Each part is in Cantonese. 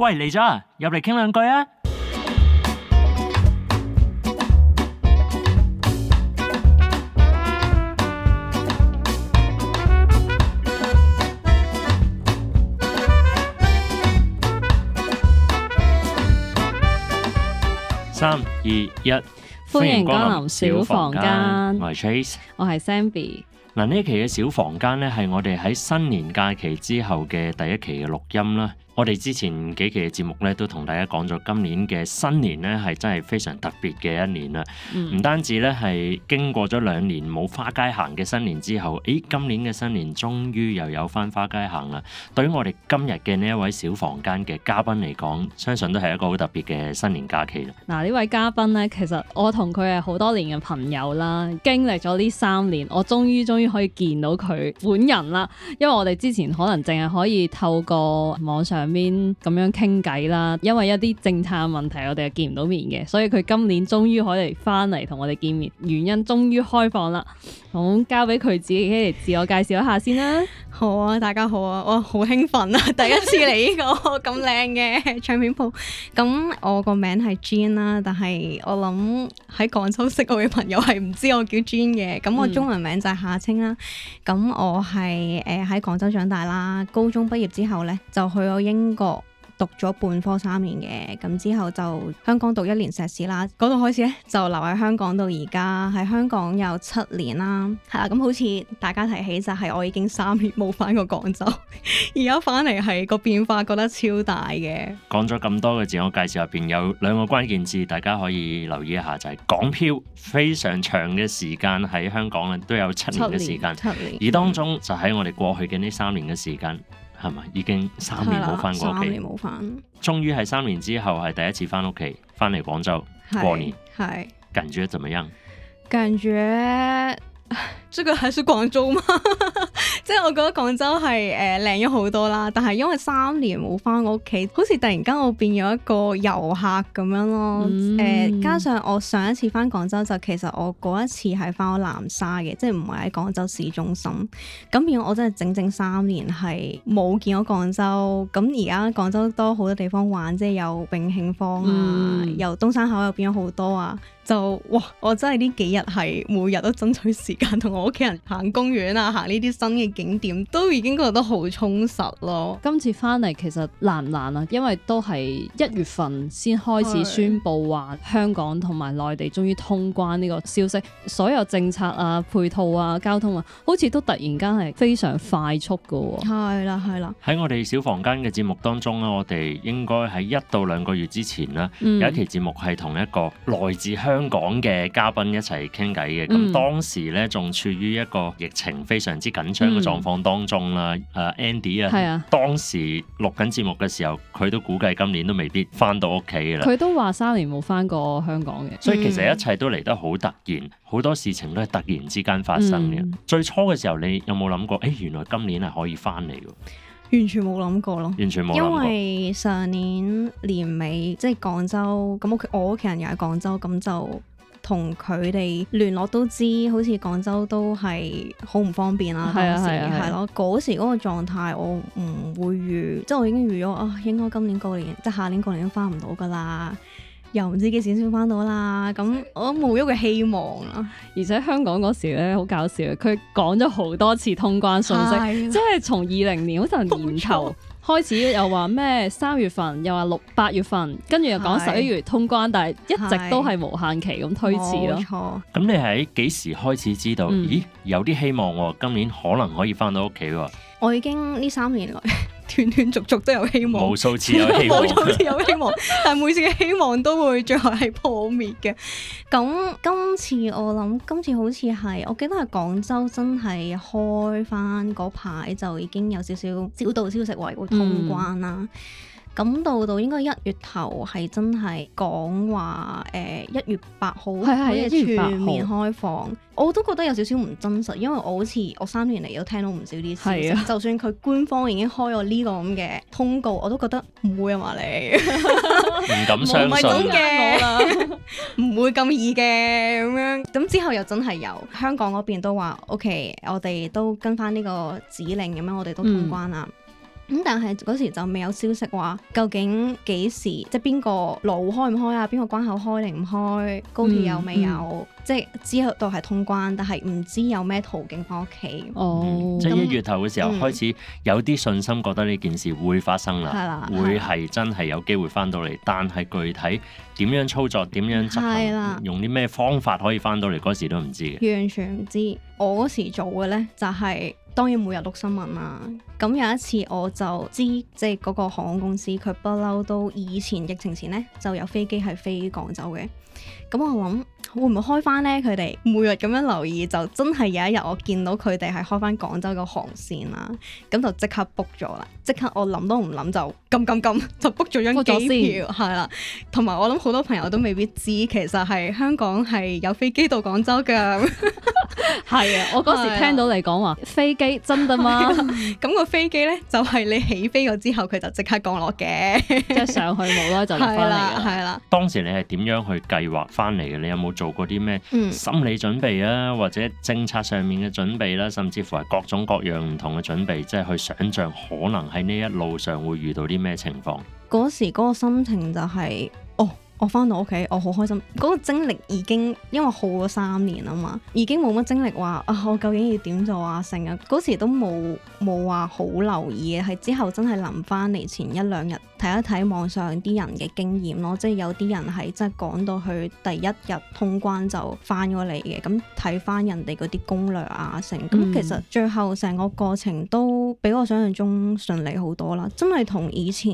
喂，嚟咗啊，入嚟傾兩句啊！三二一，歡迎光臨小房間。我係 Trace，我係 Zenbi。嗱呢一期嘅小房間咧，係我哋喺新年假期之後嘅第一期嘅錄音啦。我哋之前幾期嘅節目咧，都同大家講咗今年嘅新年咧，係真係非常特別嘅一年啦。唔、嗯、單止咧係經過咗兩年冇花街行嘅新年之後，誒，今年嘅新年終於又有翻花街行啦。對於我哋今日嘅呢一位小房間嘅嘉賓嚟講，相信都係一個好特別嘅新年假期啦。嗱呢位嘉賓咧，其實我同佢係好多年嘅朋友啦，經歷咗呢三年，我終於終於～可以見到佢本人啦，因為我哋之前可能淨係可以透過網上面咁樣傾偈啦，因為一啲政策問題，我哋係見唔到面嘅，所以佢今年終於可以翻嚟同我哋見面，原因終於開放啦。咁交俾佢自己嚟自我介紹一下先啦。好啊，大家好啊，我好興奮啊，第一次嚟呢個咁靚嘅唱片鋪。咁 我個名係 Jean 啦，但係我諗喺廣州識我嘅朋友係唔知我叫 Jean 嘅。咁我中文名就係夏啦，咁我係誒喺廣州長大啦，高中畢業之後咧就去咗英國。讀咗本科三年嘅，咁之後就香港讀一年碩士啦。嗰度開始咧就留喺香港到而家，喺香港有七年啦。係啦，咁好似大家提起就係我已經三年冇返過廣州，而家返嚟係個變化覺得超大嘅。講咗咁多嘅自我介紹入邊有兩個關鍵字，大家可以留意一下，就係、是、港漂，非常長嘅時間喺香港咧都有七年嘅時間，七年，七年，嗯、而當中就喺我哋過去嘅呢三年嘅時間。係咪？已經三年冇翻過屋企，冇翻。終於係三年之後，係第一次翻屋企，翻嚟廣州係過年，係，感覺點樣？感覺。 即近喺住廣州嘛？即係我覺得廣州係誒靚咗好多啦，但係因為三年冇翻我屋企，好似突然間我變咗一個遊客咁樣咯。誒、嗯呃，加上我上一次翻廣州就其實我嗰一次係翻咗南沙嘅，即係唔係喺廣州市中心。咁而我真係整整三年係冇見過廣州。咁而家廣州都好多地方玩，即係有永慶坊啊，嗯、由東山口又變咗好多啊。就哇！我真係呢幾日係每日都爭取時間同我屋企人行公園啊，行呢啲新嘅景點都已經覺得好充實咯。今次翻嚟其實難唔難啊？因為都係一月份先開始宣布話香港同埋內地終於通關呢個消息，所有政策啊、配套啊、交通啊，好似都突然間係非常快速嘅喎。係啦，係啦。喺我哋小房間嘅節目當中咧，我哋應該喺一到兩個月之前啦，嗯，有一期節目係同一個來自香。香港嘅嘉賓一齊傾偈嘅，咁、嗯、當時咧仲處於一個疫情非常之緊張嘅狀況當中啦。誒、嗯啊、Andy 啊，係啊，當時錄緊節目嘅時候，佢都估計今年都未必翻到屋企嘅啦。佢都話三年冇翻過香港嘅，所以其實一切都嚟得好突然，好、嗯、多事情都係突然之間發生嘅。嗯、最初嘅時候，你有冇諗過？誒、哎，原來今年係可以翻嚟嘅。完全冇諗過咯，因為上年年尾即係廣州咁，我我屋企人又喺廣州，咁就同佢哋聯絡都知，好似廣州都係好唔方便啊。係咯時，嗰、啊啊啊、時嗰個狀態我唔會預，啊啊、即係我已經預咗啊，應該今年過年即係下年過年都翻唔到噶啦。又唔知幾時先翻到啦，咁我都冇一個希望啦。而且香港嗰時咧好搞笑，佢講咗好多次通關信息，即係從二零年好似係年頭錯開始又，又話咩三月份，又話六八月份，跟住又講十一月通關，的但係一直都係無限期咁推遲咯的。咁錯你喺幾時開始知道？咦，有啲希望喎，哦，今年可能可以翻到屋企喎。我已經呢三年來。 斷斷續續都有希望，無數次有希望， 無數次有希望， 但每次嘅希望都會最後係破滅嘅。咁 今次我諗，今次好似係，我記得係廣州真係開翻開返嗰排就已經有少少小道消息話會通關啦。嗯咁到到應該一月頭，係真係講話誒，一月八號可以全面開放，我都覺得有少少唔真實，因為我好似我三年嚟都聽到唔少啲事，的就算佢官方已經開咗呢個咁嘅通告，我都覺得唔會啊嘛你，唔 敢唔相信，唔 會咁易嘅咁樣，咁之後又真係有香港嗰邊都話 O K，我哋都跟翻呢個指令咁樣，我哋都通關啦。嗯咁但係嗰時就未有消息話，究竟幾時，即係邊個路開唔開啊？邊個關口開定唔開？高鐵又未有，嗯嗯、即係之後都係通關，但係唔知有咩途徑翻屋企。哦，嗯、即係一月頭嘅時候開始有啲信心，覺得呢件事會發生啦，嗯、會係真係有機會翻到嚟，的但係具體點樣操作、點的樣執行、的用啲咩方法可以翻到嚟，嗰時都唔知嘅，完全唔知。我嗰時做嘅咧就係、是。當然每日讀新聞啦，有一次我就知，即係嗰個航空公司佢不嬲都以前疫情前咧就有飛機係飛廣州嘅，咁我諗，會唔會開翻呢？佢哋每日咁樣留意，就真係有一日我見到佢哋係開翻廣州個航線啦，咁就即刻 book 咗啦，即刻我諗都唔諗就撳撳撳，就 book 咗張機票，係啦先。同埋我諗好多朋友都未必知，其實係香港係有飛機到廣州噶，係 啊。 我嗰時聽到你講話的飛機真噶嗎？咁、個飛機呢，就係、係、你起飛咗之後佢就即刻降落嘅， 即係上去冇啦，就翻嚟嘅，係啦。當時你係點樣去計劃翻嚟嘅？你有冇？做過啲咩心理準備啊，或者政策上面嘅準備啦、啊，甚至乎係各種各樣唔同嘅準備，即係去想像可能喺呢一路上會遇到啲咩情況。嗰時嗰個心情就係、是，哦，我翻到屋企，我好開心。嗰、那個精力已經因為耗咗三年啊嘛，已經冇乜精力話啊，我究竟要點做啊？成日嗰時都冇冇話好留意嘅，係之後真係臨翻嚟前一兩日。睇一睇網上啲人嘅經驗咯，即係有啲人係即係趕到去第一日通關就翻咗嚟嘅，咁睇翻人哋嗰啲攻略啊，成咁、嗯、其實最後成個過程都比我想象中順利好多啦，真係同以前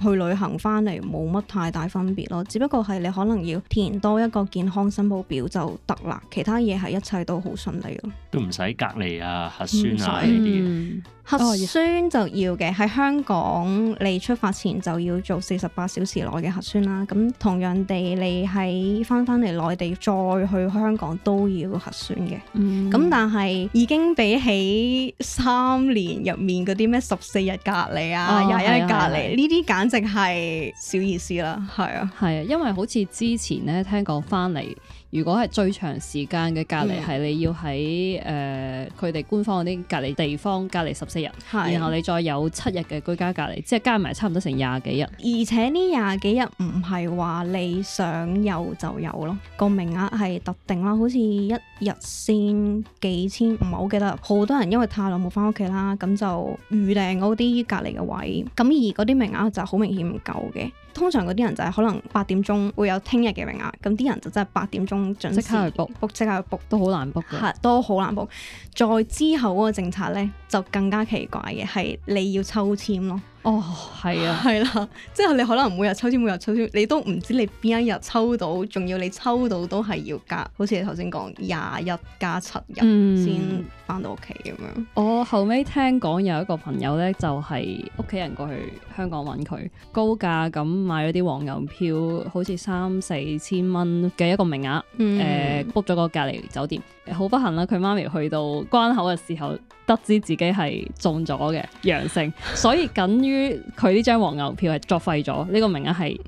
去旅行翻嚟冇乜太大分別咯，只不過係你可能要填多一個健康申報表就得啦，其他嘢係一切都好順利咯，都唔使隔離啊、核酸啊呢啲。嗯核酸就要嘅，喺香港你出發前就要做四十八小時內嘅核酸啦。咁同樣地，你喺翻翻嚟內地再去香港都要核酸嘅。咁、嗯、但係已經比起三年入面嗰啲咩十四日隔離啊、廿一、啊、日隔離呢啲，簡直係小意思啦。係啊，係啊，因為好似之前咧聽講翻嚟。如果係最長時間嘅隔離係、嗯、你要喺誒佢哋官方嗰啲隔離地方隔離十四日，是然後你再有七日嘅居家隔離，即係加埋差唔多成廿幾日。而且呢廿幾日唔係話你想有就有咯，個名額係特定啦，好似一日先幾千，唔係好記得好多人因為太耐冇翻屋企啦，咁就預訂嗰啲隔離嘅位，咁而嗰啲名額就好明顯唔夠嘅。通常嗰啲人就係可能八點鐘會有聽日嘅名額，咁啲人就真係八點鐘即刻去 book，book 即刻去 book 都好難 book 嘅，都好難 book。再之後嗰個政策呢，就更加奇怪嘅係你要抽籤咯。哦，係啊，係啦、啊，即係你可能每日抽籤，每日抽籤，你都唔知你邊一日抽到，仲要你抽到都係要隔，好似你頭先講廿一加七日先翻到屋企咁樣。我後尾聽講有一個朋友呢，就係屋企人過去香港揾佢，高價咁買咗啲黃牛票，好似三四千蚊嘅，一個名額，誒 book 咗個隔離酒店。好不幸啦！佢媽咪去到關口嘅時候，得知自己係中咗嘅陽性，所以等於佢呢張黃牛票係作廢咗，呢、這個名額係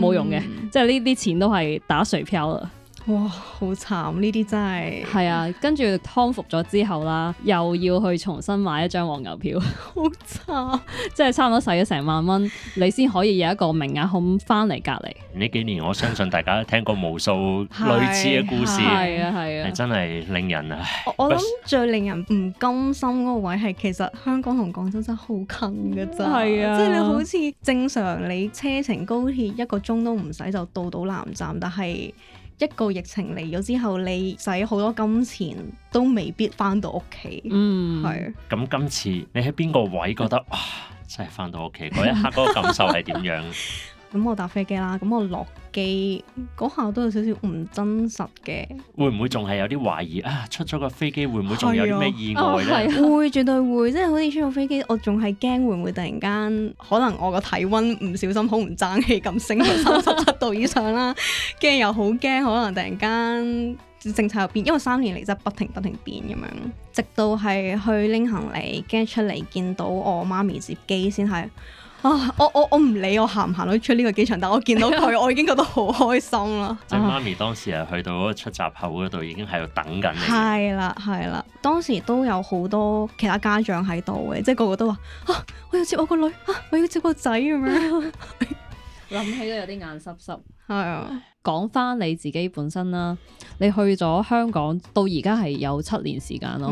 冇用嘅，嗯、即係呢啲錢都係打水漂啦。哇，好慘！呢啲真係係啊，跟住康復咗之後啦，又要去重新買一張黃牛票，好 憐 差，即係差唔多使咗成萬蚊，你先可以有一個名額好翻嚟隔離。呢幾年我相信大家都聽過無數類似嘅故事，係啊係啊，啊啊真係令人唉 我諗最令人唔甘心嗰個位係其實香港同廣州真係好近嘅啫，係 啊，即係你好似正常你車程高鐵一個鐘都唔使就到到南站，但係。一個疫情嚟咗之後，你使好多金錢都未必翻到屋企，嗯，係是。咁今次你喺邊個位覺得哇， 真係翻到屋企嗰一刻嗰個感受係點樣？ 咁、嗯、我搭飛機啦，咁、嗯、我落機嗰下都有少少唔真實嘅。會唔會仲係有啲懷疑啊？出咗個飛機會唔會仲有啲咩意外咧？會，絕對會。即係好似出咗飛機，我仲係驚會唔會突然間，可能我個體温唔小心好唔爭氣咁升到三十七度以上啦。跟住 又好驚，可能突然間政策又變，因為三年嚟真係不停不停變咁樣，直到係去拎行李，跟住出嚟見到我媽咪接機先係。啊！我我我唔理我行唔行到出呢個機場，但我見到佢， 我已經覺得好開心啦。即係媽咪當時係去到出閘口嗰度，已經喺度等緊，啊。係啦係啦，當時都有好多其他家長喺度嘅，即係個個都話：啊，我要接我個女，啊，我要接個仔咁樣。諗 起都有啲眼濕濕。係啊。 講翻你自己本身啦，你去咗香港到而家係有七年時間咯，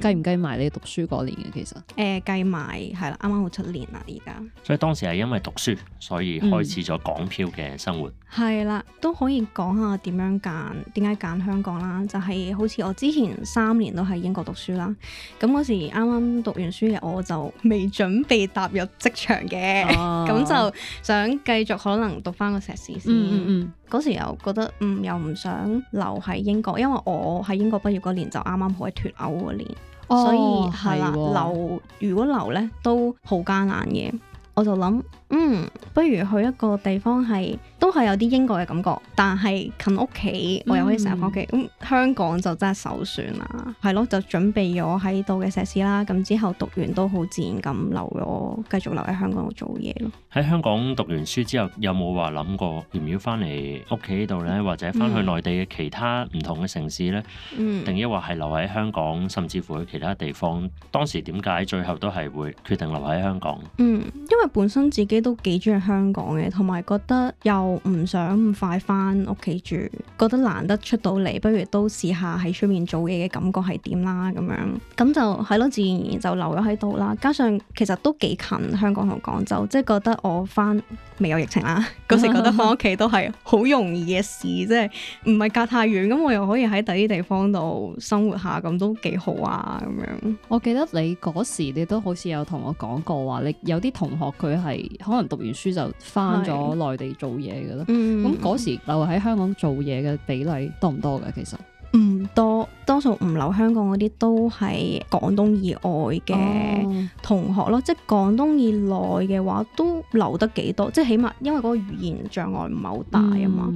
計唔計埋你讀書嗰年嘅、啊、其實？誒、呃，計埋係啦，啱啱好七年啦，而家。所以當時係因為讀書，所以開始咗港漂嘅生活。係啦、嗯，都可以講下點樣揀，點解揀香港啦？就係、是、好似我之前三年都喺英國讀書啦，咁嗰時啱啱讀完書嘅我就未準備踏入職場嘅，咁、啊、 就想繼續可能讀翻個碩士先。嗯嗯。嗰時又覺得嗯，又唔想留喺英國，因為我喺英國畢業嗰年就啱啱好喺脱歐嗰年，哦、所以係啦，的留，如果留呢，都好艱難嘅，我就諗。嗯，不如去一個地方係都係有啲英國嘅感覺，但係近屋企，我又可以成日翻屋企。咁、嗯嗯、香港就真係首選啦，係咯，就準備咗喺度嘅碩士啦。咁之後讀完都好自然咁留咗，繼續留喺香港度做嘢咯。喺香港讀完書之後有冇話諗過，要唔要翻嚟屋企呢度咧，或者翻去內地嘅其他唔同嘅城市咧？嗯，定抑或係留喺香港，甚至乎去其他地方？當時點解最後都係會決定留喺香港？嗯，因為本身自己。都幾中意香港嘅，同埋覺得又唔想咁快翻屋企住，覺得難得出到嚟，不如都試下喺出面做嘢嘅感覺係點啦咁樣，咁就係咯，自然而然就留咗喺度啦。加上其實都幾近香港同廣州，即係覺得我翻未有疫情啦，嗰 時覺得翻屋企都係好容易嘅事，即係唔係隔太遠，咁我又可以喺第啲地方度生活下，咁都幾好啊咁樣，我記得你嗰時你都好似有同我講過話，你有啲同學佢係。可能讀完書就翻咗內地做嘢嘅啦，咁嗰、嗯嗯、時留喺香港做嘢嘅比例多唔多噶？其實唔多，多數唔留香港嗰啲都係廣東以外嘅同學咯，哦、即係廣東以內嘅話都留得幾多，即係起碼因為嗰個語言障礙唔係好大啊、嗯、嘛。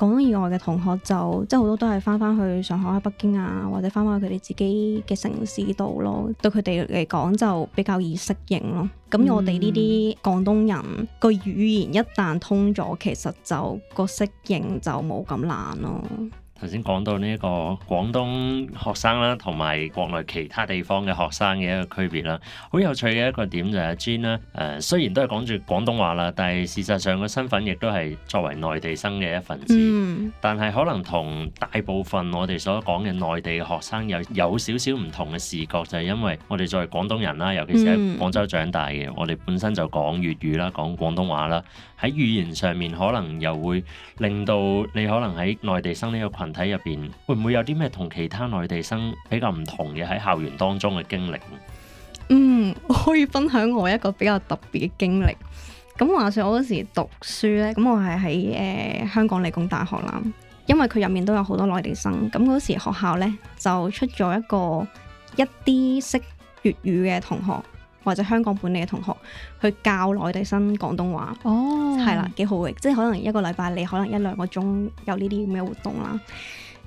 廣東以外嘅同學就即係好多都係翻返去上海、北京啊，或者翻返去佢哋自己嘅城市度咯。對佢哋嚟講就比較易適應咯。咁我哋呢啲廣東人個語言一旦通咗，其實就個適應就冇咁難咯。頭先講到呢個廣東學生啦，同埋國內其他地方嘅學生嘅一個區別啦，好有趣嘅一個點就係 Jean 啦，誒、雖然都係講住廣東話啦，但係事實上個身份亦都係作為內地生嘅一份子，嗯、但係可能同大部分我哋所講嘅內地嘅學生有有少少唔同嘅視角，就係、是、因為我哋作為廣東人啦，尤其是喺廣州長大嘅，嗯、我哋本身就講粵語啦，講廣東話啦，喺語言上面可能又會令到你可能喺內地生呢個群。喺入邊會唔會有啲咩同其他內地生比較唔同嘅，喺校園當中嘅經歷？嗯，可以分享我一個比較特別嘅經歷。咁話說我嗰時讀書呢，咁我係喺誒香港理工大學啦，因為佢入面都有好多內地生。咁嗰時學校呢，就出咗一個一啲識粵語嘅同學，或者香港本地嘅同學去教內地生廣東話，哦、oh.，係啦，幾好嘅，即係可能一個禮拜你可能一兩個鐘有呢啲咁嘅活動啦。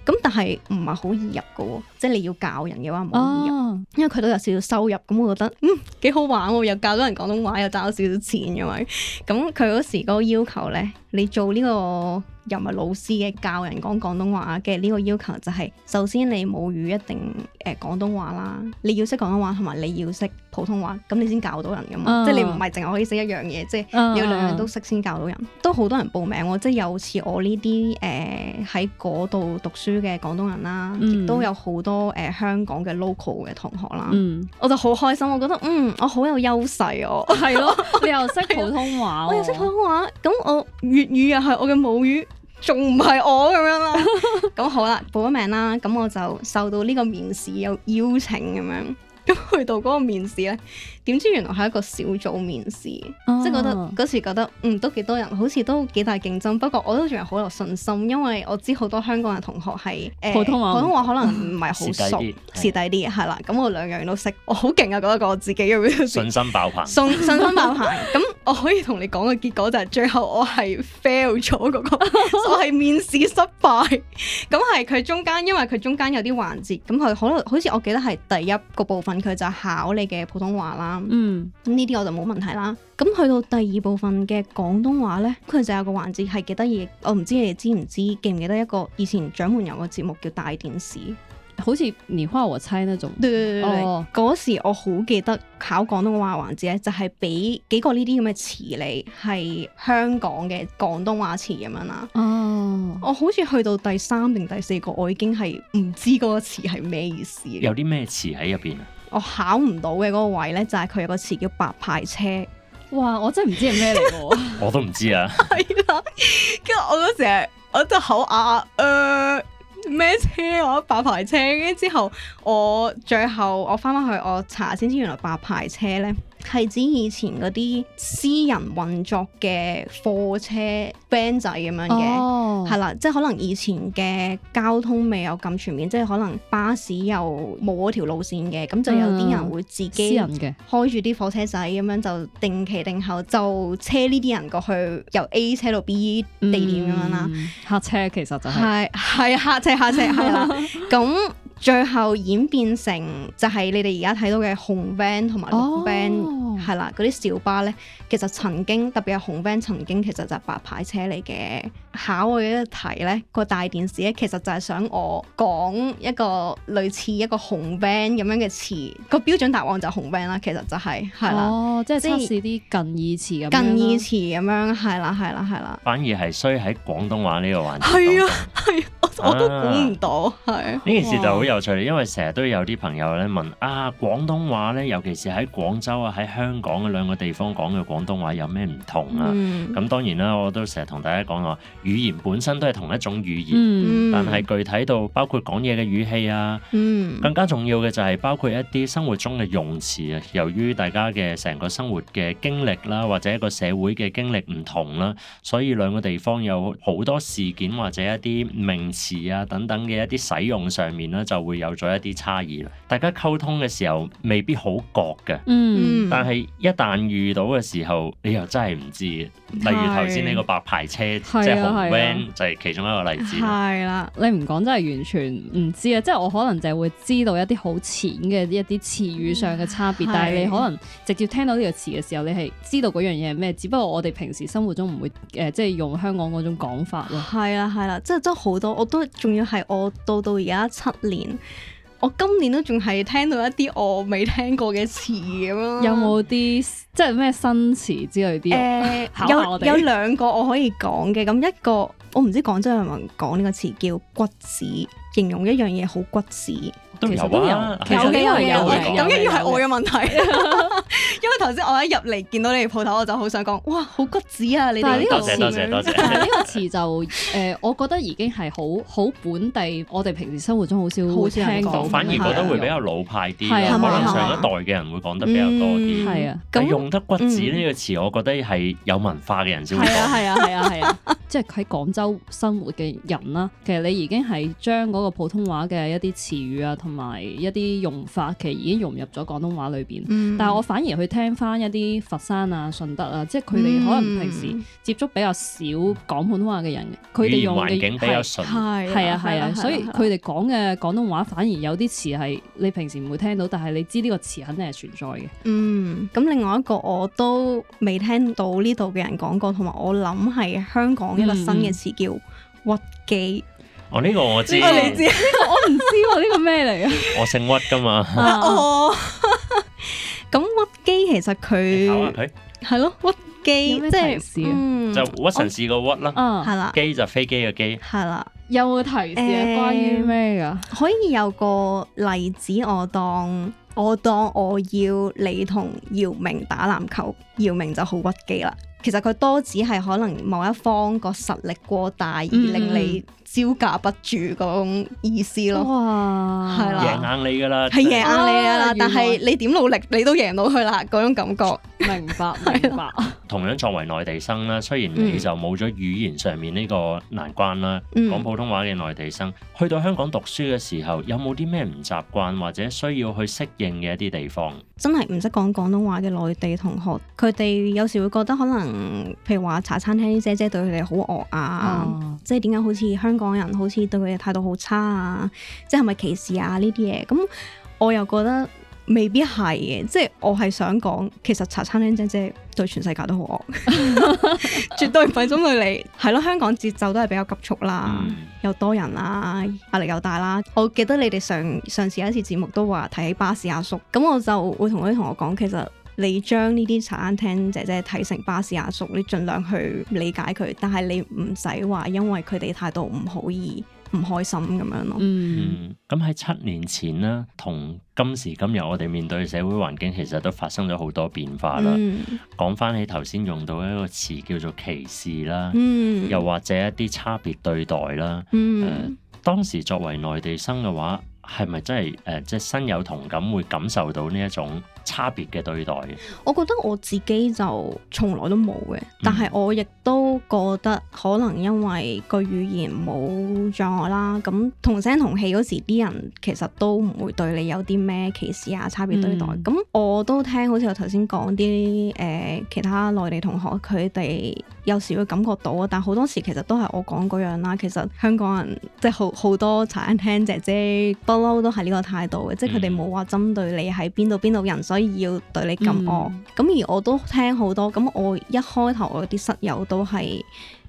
咁但係唔係好易入嘅喎，即係你要教人嘅話唔好易入。oh. 因為佢都有少少收入咁，我覺得嗯幾好玩喎，又教咗人廣東話，又賺咗少少錢嘅咪，咁佢嗰時個要求咧。你做呢個又唔係老師嘅教人講廣東話嘅呢個要求就係，首先你母語一定誒廣東話啦，eh, 你要識廣東話，同埋你要識普通話，咁你先教到人㗎嘛，即係你唔係淨係可以識一樣嘢，哦、即係要兩樣都識先教到人。都好多人報名喎，即係有似我呢啲誒喺嗰度讀書嘅廣東人啦，亦都、嗯、有好多誒、呃、香港嘅 local 嘅同學啦，嗯、我就好開心，我覺得嗯我好有優勢喎，係咯，你又識普通話，我又識普通話，咁我粵語又係我嘅母語，仲唔係我咁樣啦？咁 好啦，報咗名啦，咁我就受到呢個面試有邀請咁樣，咁去到嗰個面試咧。點知原來係一個小組面試，哦、即係覺得嗰時覺得嗯都幾多人，好似都幾大競爭。不過我都仲係好有信心，因為我知好多香港人同學係、呃、普通話，普通話可能唔係好熟，蝕底啲係啦。咁的我兩樣都識，我好勁啊！覺得我自己咁信心爆棚，信心爆棚。咁 我可以同你講嘅結果就係最後我係 fail 咗嗰、嗰個， 我係面試失敗。咁係佢中間，因為佢中間有啲環節，咁佢可能好似我記得係第一個部分，佢就考你嘅普通話啦。嗯，咁呢啲我就冇問題啦。咁去到第二部分嘅廣東話呢，佢就有個環節係幾得意。我唔知你哋知唔知，記唔記得一個以前獎門人有個節目叫大電視，好似蓮花和妻咧就。對對對對，哦，嗰時我好記得考廣東話環節呢就係、是、俾幾個呢啲咁嘅詞你，係香港嘅廣東話詞咁樣啦。哦，oh. 我好似去到第三定第四個，我已經係唔知嗰個詞係咩意思。有啲咩詞喺入邊啊？我考唔到嘅嗰個位呢，就係佢有個詞叫白牌車，哇！我真係唔知係咩嚟嘅，我都唔知啊。係啦，跟住我嗰時係我都口啞，呃，咩車我白牌車，跟住之後我最後我翻返去我查先知，原來白牌車呢。係指以前嗰啲私人運作嘅貨車 friend 仔咁樣嘅，係啦、哦，即係可能以前嘅交通未有咁全面，即係可能巴士又冇嗰條路線嘅，咁、嗯、就有啲人會自己開住啲貨車仔咁樣，就定期定候，就車呢啲人過去由 A 車到 B 地點咁樣啦、嗯。客車其實就係、是、係客車客車係啦，咁。 最後演變成就係你哋而家睇到嘅紅 van 同埋綠 van 係啦，嗰啲、哦、小巴咧，其實曾經特別係紅 van 曾經其實就係白牌車嚟嘅。考我一題咧，個大電視咧，其實就係想我講一個類似一個紅 van 咁樣嘅詞，個標準答案就紅 van 啦。其實就係係啦，即係測試啲近義詞咁樣。近義詞咁樣係啦係啦係啦。反而係衰喺廣東話呢個環境。係啊，係，我我都估唔到係。呢件事就好因為成日都有啲朋友咧問啊，廣東話咧，尤其是喺廣州啊、喺香港嘅兩個地方講嘅廣東話有咩唔同啊？咁、嗯、當然啦，我都成日同大家講話，語言本身都係同一種語言，嗯、但係具體到包括講嘢嘅語氣啊，嗯、更加重要嘅就係包括一啲生活中嘅用詞啊。由於大家嘅成個生活嘅經歷啦、啊，或者一個社會嘅經歷唔同啦、啊，所以兩個地方有好多事件或者一啲名詞啊等等嘅一啲使用上面咧、啊、就，會有咗一啲差異啦，大家溝通嘅時候未必好覺嘅，嗯，但係一旦遇到嘅時候，你又真係唔知。例如頭先呢個白牌車，的即係紅 van，的就係其中一個例子。係啦，你唔講真係完全唔知啊！即、就、係、是、我可能就係會知道一啲好淺嘅一啲詞語上嘅差別，嗯、但係你可能直接聽到呢個詞嘅時候，你係知道嗰樣嘢係咩。只不過我哋平時生活中唔會誒、呃，即係用香港嗰種講法咯。係啦係啦，即係真係好多，我都仲要係我到到而家七年。我今年都仲係聽到一啲我未聽過嘅詞咁樣，有冇啲即係咩新詞之類啲？有有兩個我可以講嘅，咁一個我唔知廣州人民講呢個詞叫骨子，形容一樣嘢好骨子。都有啊，有啲係有，有啲係我嘅問題。因為頭先我一入嚟見到你哋鋪頭，我就好想講，哇，好骨子啊！你哋多謝多謝多謝。呢個詞就誒，我覺得已經係好好本地，我哋平時生活中好少好少人講，反而覺得會比較老派啲。係啊，可能上一代嘅人會講得比較多啲。係啊，咁用得骨子呢個詞，我覺得係有文化嘅人先會講。係啊，係啊，係啊，即係喺廣州生活嘅人啦。其實你已經係將嗰個普通話嘅一啲詞語啊同，同埋一啲用法，其實已經融入咗廣東話裏邊。嗯、但係我反而去聽翻一啲佛山啊、順德啊，即係佢哋可能平時接觸比較少講普通話嘅人，佢哋用嘅環境比較順，係係啊係啊，所以佢哋講嘅廣東話反而有啲詞係你平時唔會聽到，但係你知呢個詞肯定係存在嘅。嗯，咁另外一個我都未聽到呢度嘅人講過，同埋我諗係香港一個新嘅詞叫屈機。嗯哦，呢個我知啊，呢個我唔知喎，呢個咩嚟啊我姓？屈噶嘛。哦，咁屈機其實佢係咯，屈機即係就屈臣氏個屈啦，係啦，機就飛機個機，係啦。有冇提示關於咩噶？可以有個例子，我當我當我要你同姚明打籃球，姚明就好屈機啦。其實佢多指係可能某一方個實力過大而令你。招架不住嗰種意思咯，係啦哇，贏的硬你噶啦，係贏的硬你噶啦，啊、但係你點努力，你都贏唔到佢啦嗰種感覺。 明白，明白。 同樣作為內地生啦，雖然你就冇咗語言上面呢個難關啦，嗯、講普通話嘅內地生去到香港讀書嘅時候，有冇啲咩唔習慣或者需要去適應嘅一啲地方？嗯、真係唔識講廣東話嘅內地同學，佢哋有時會覺得可能，譬如話茶餐廳啲姐姐對佢哋好惡啊，嗯、啊啊即係點解好似香港人好似對佢哋態度好差啊？即係咪歧視啊？呢啲嘢咁，我又覺得。未必係嘅，即係我係想講，其實茶餐廳姐姐對全世界都好惡， 絕對唔係針對你。係 咯，香港節奏都係比較急促啦，嗯、又多人啦，壓力又大啦。我記得你哋上上次有一次節目都話提起巴士阿叔，咁我就會同啲同學講，其實你將呢啲茶餐廳姐姐睇成巴士阿叔，你盡量去理解佢，但係你唔使話因為佢哋態度唔好而。唔開心咁樣咯。嗯，咁喺七年前啦，同今時今日我哋面對嘅社會環境，其實都發生咗好多變化啦。講返起頭先用到一個詞叫做歧視啦，嗯，又或者一啲差別對待啦。嗯，呃，當時作為內地生嘅話，係咪真係誒即係身有同感，會感受到呢一種？差別嘅對待我覺得我自己就從來都冇嘅，嗯、但係我亦都覺得可能因為個語言冇障礙啦，咁同聲同氣嗰時啲人其實都唔會對你有啲咩歧視啊、差別對待。咁、嗯、我都聽好似我頭先講啲誒其他內地同學，佢哋有時會感覺到啊，但好多時其實都係我講嗰樣啦。其實香港人即係好好多茶餐廳姐姐不嬲都係呢個態度嘅，嗯、即係佢哋冇話針對你喺邊度邊度人。所以要對你咁惡，咁、嗯、而我都聽好多。咁我一開頭我啲室友都係，誒、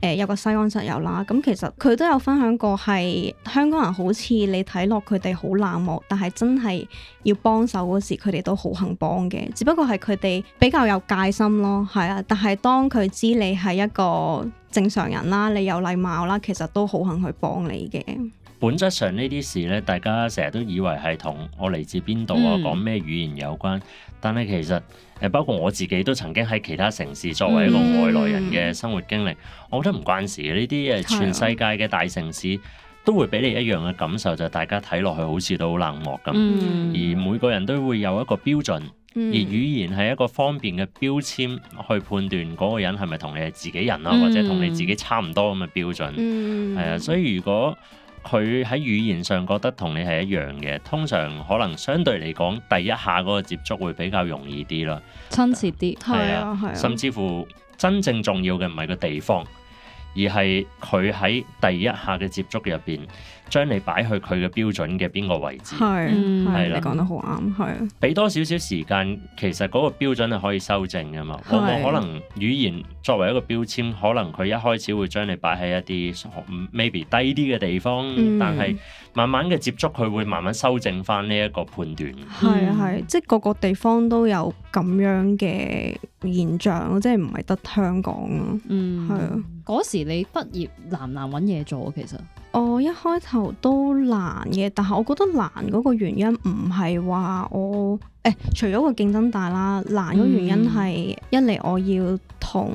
呃、有個西安室友啦。咁、嗯、其實佢都有分享過，係香港人好似你睇落佢哋好冷漠，但係真係要幫手嗰時，佢哋都好肯幫嘅。只不過係佢哋比較有戒心咯。係啊，但係當佢知你係一個正常人啦，你有禮貌啦，其實都好肯去幫你嘅。本質上呢啲事呢大家成日都以為係同我嚟自邊度啊，講咩，嗯、語言有關。但係其實誒，包括我自己都曾經喺其他城市作為一個外來人嘅生活經歷，嗯、我覺得唔關事呢啲誒，全世界嘅大城市都會俾你一樣嘅感受，就大家睇落去好似都好冷漠咁。嗯、而每個人都會有一個標準，嗯、而語言係一個方便嘅標籤去判斷嗰個人係咪同你係自己人啦，嗯、或者同你自己差唔多咁嘅標準。係啊，嗯嗯嗯，所以如果佢喺語言上覺得同你係一樣嘅，通常可能相對嚟講，第一下嗰個接觸會比較容易啲囉，親切啲，係啊，甚至乎真正重要嘅唔係個地方，而係佢喺第一下嘅接觸入邊，將你擺去佢嘅標準嘅邊個位置？係是，係啦你講得好啱，係啊。俾多少少時間，其實嗰個標準係可以修正㗎嘛。是我可能語言作為一個標籤，可能佢一開始會將你擺喺一啲 maybe 低啲嘅地方，嗯、但係慢慢嘅接觸，佢會慢慢修正翻呢一個判斷。係啊係，即係個個地方都有咁樣嘅現象，即係唔係得香港啊？嗯，係啊是。嗰時你畢業難難揾嘢做，其實我、哦、一開頭。都難嘅，但係我覺得難嗰個原因唔係話我誒、欸，除咗個競爭大啦，難嘅原因係、嗯、一嚟我要同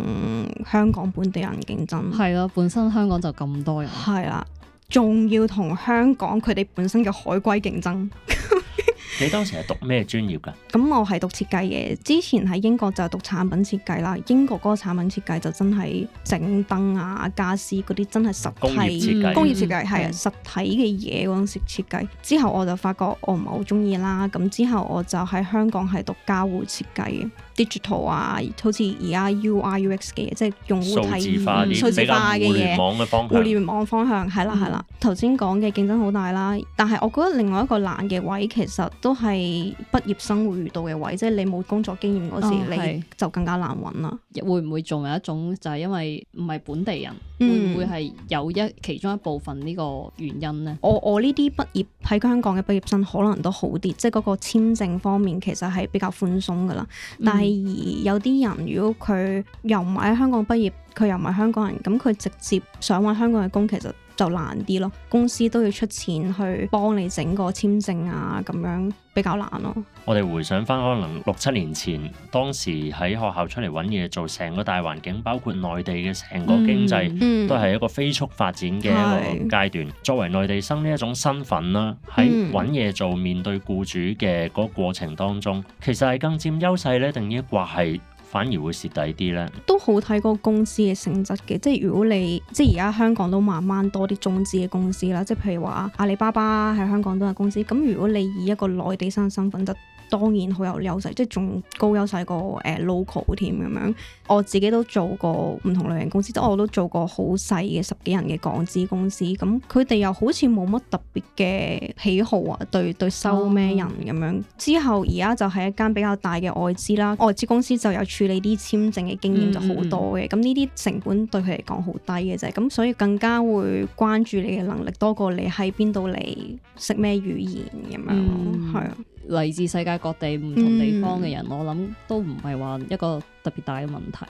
香港本地人競爭，係咯，本身香港就咁多人，係啦，仲要同香港佢哋本身嘅海歸競爭。 你當時係讀咩專業㗎？咁我係讀設計嘅，之前喺英國就讀產品設計啦。英國嗰個產品設計就真係整燈啊、家私嗰啲，真係實體。工業設計。嗯、工業設計係啊、嗯，實體嘅嘢嗰陣時設計。之後我就發覺我唔係好中意啦。咁之後我就喺香港係讀交互設計嘅，digital 啊，好似而家 UI、UX 嘅嘢，即係用。數字化。數字化嘅嘢。互聯網方向。互聯網方向係啦係啦。頭先講嘅競爭好大啦，但係我覺得另外一個難嘅位其實，都係畢業生會遇到嘅位，即係你冇工作經驗嗰時，啊、你就更加難揾啦。會唔會仲有一種就係、是、因為唔係本地人，嗯、會唔會係有一其中一部分呢個原因呢？我我呢啲畢業喺香港嘅畢業生可能都好啲，即係嗰個簽證方面其實係比較寬鬆噶啦。嗯、但係而有啲人如果佢又唔係喺香港畢業，佢又唔係香港人，咁佢直接想揾香港嘅工，其實就難啲咯，公司都要出錢去幫你整個簽證啊，咁樣比較難咯。我哋回想翻可能六七年前，當時喺學校出嚟揾嘢做，成個大環境包括內地嘅成個經濟、嗯嗯、都係一個飛速發展嘅一個階段。是作為內地生呢一種身份啦，喺揾嘢做面對雇主嘅個過程當中，其實係更佔優勢呢定抑或係？反而會蝕底啲咧，都好睇嗰個公司嘅性質嘅，即係如果你即係而家香港都慢慢多啲中資嘅公司啦，即係譬如話阿里巴巴喺香港都有公司，咁如果你以一個內地生嘅身份則，當然好有優勢，即係仲高優勢過誒 local 添咁樣。我自己都做過唔同類型公司，即我都做過好細嘅十幾人嘅港資公司。咁佢哋又好似冇乜特別嘅喜好啊，對對收咩人咁樣。哦、之後而家就係一間比較大嘅外資啦，外資公司就有處理啲簽證嘅經驗就好多嘅。咁呢啲成本對佢嚟講好低嘅啫。咁所以更加會關注你嘅能力多過你喺邊度嚟，識咩語言咁樣咯。係、嗯嗯、啊。嚟自世界各地唔同地方嘅人，嗯、我諗都唔係話一個特別大嘅問題。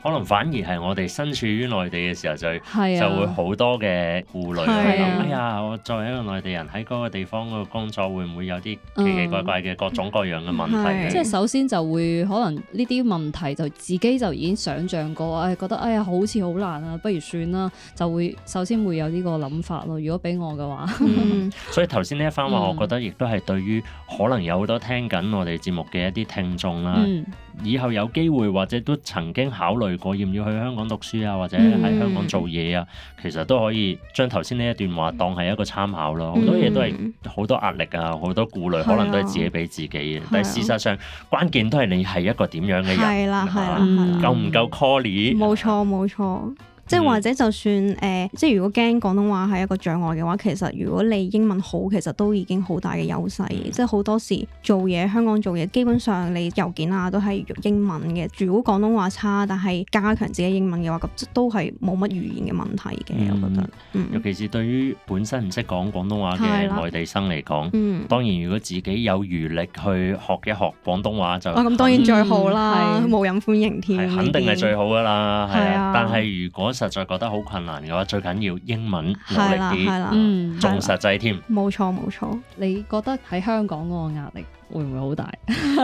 可能反而係我哋身處於內地嘅時候就，係、啊、就會好多嘅顧慮，係諗、啊：哎呀，我作為一個內地人喺個地方個工作，會唔會有啲奇奇怪怪嘅各種各樣嘅問題，嗯、吧即係首先就會可能呢啲問題就自己就已經想象過，誒、哎、覺得哎呀好似好難啊，不如算啦，就會首先會有呢個諗法咯。如果俾我嘅話，嗯、 所以頭先呢一番話我覺得亦都係對於可能有好多聽緊我哋節目嘅一啲聽眾啦，嗯、以後有機會或者都曾經考慮。如果要唔要去香港讀書啊，或者喺香港做嘢啊，嗯、其實都可以將頭先呢一段話當係一個參考咯。好、嗯、多嘢都係好多壓力啊，好多顧慮，嗯、可能都係自己俾自己嘅。嗯、但係事實上，嗯、關鍵都係你係一個點樣嘅人，係啦係啦係啦，夠唔夠 colly？冇錯冇錯。即係或者就算誒、呃，即係如果驚廣東話係一個障礙嘅話，其實如果你英文好，其實都已經好大嘅優勢。嗯、即係好多時做嘢香港做嘢，基本上你郵件啊都係用英文嘅。如果廣東話差，但係加強自己英文嘅話，咁都係冇乜語言嘅問題嘅。嗯、我覺得，嗯、尤其是對於本身唔識講廣東話嘅內地生嚟講，嗯、當然如果自己有餘力去學一學廣東話就，咁當然最好啦，冇人歡迎添，肯定係最好㗎啦。係，但係如果實在覺得好困難嘅話，最緊要英文努力啲，嗯，仲實際添。冇錯冇錯，你覺得喺香港嗰個壓力，會唔會好大？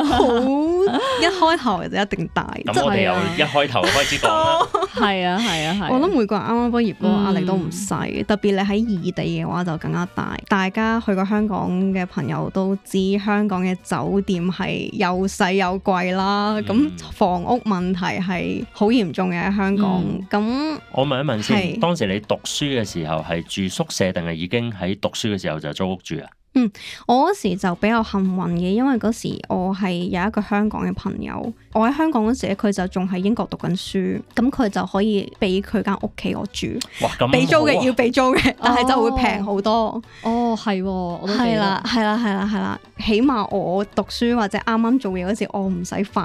好 一開頭就一定大。咁我哋由一開頭開始講啦。係 啊係啊係。啊啊我諗每個人啱啱畢業嗰個壓力都唔細，嗯、特別你喺異地嘅話就更加大。大家去過香港嘅朋友都知，香港嘅酒店係又細又貴啦。咁、嗯、房屋問題係好嚴重嘅，喺香港。咁、嗯、那我問一問先，是當時你讀書嘅時候係住宿舍定係已經喺讀書嘅時候就租屋住啊？嗯，我嗰時就比較幸運嘅，因為嗰時我係有一個香港嘅朋友，我喺香港嗰時咧，佢就仲喺英國讀緊書，咁佢就可以俾佢間屋企我住，哇，咁俾、啊、租嘅要俾租嘅，但係就會平好多哦。哦，係，係啦，係啦，係啦，係啦，啦，起碼我讀書或者啱啱做嘢嗰時，我唔使煩。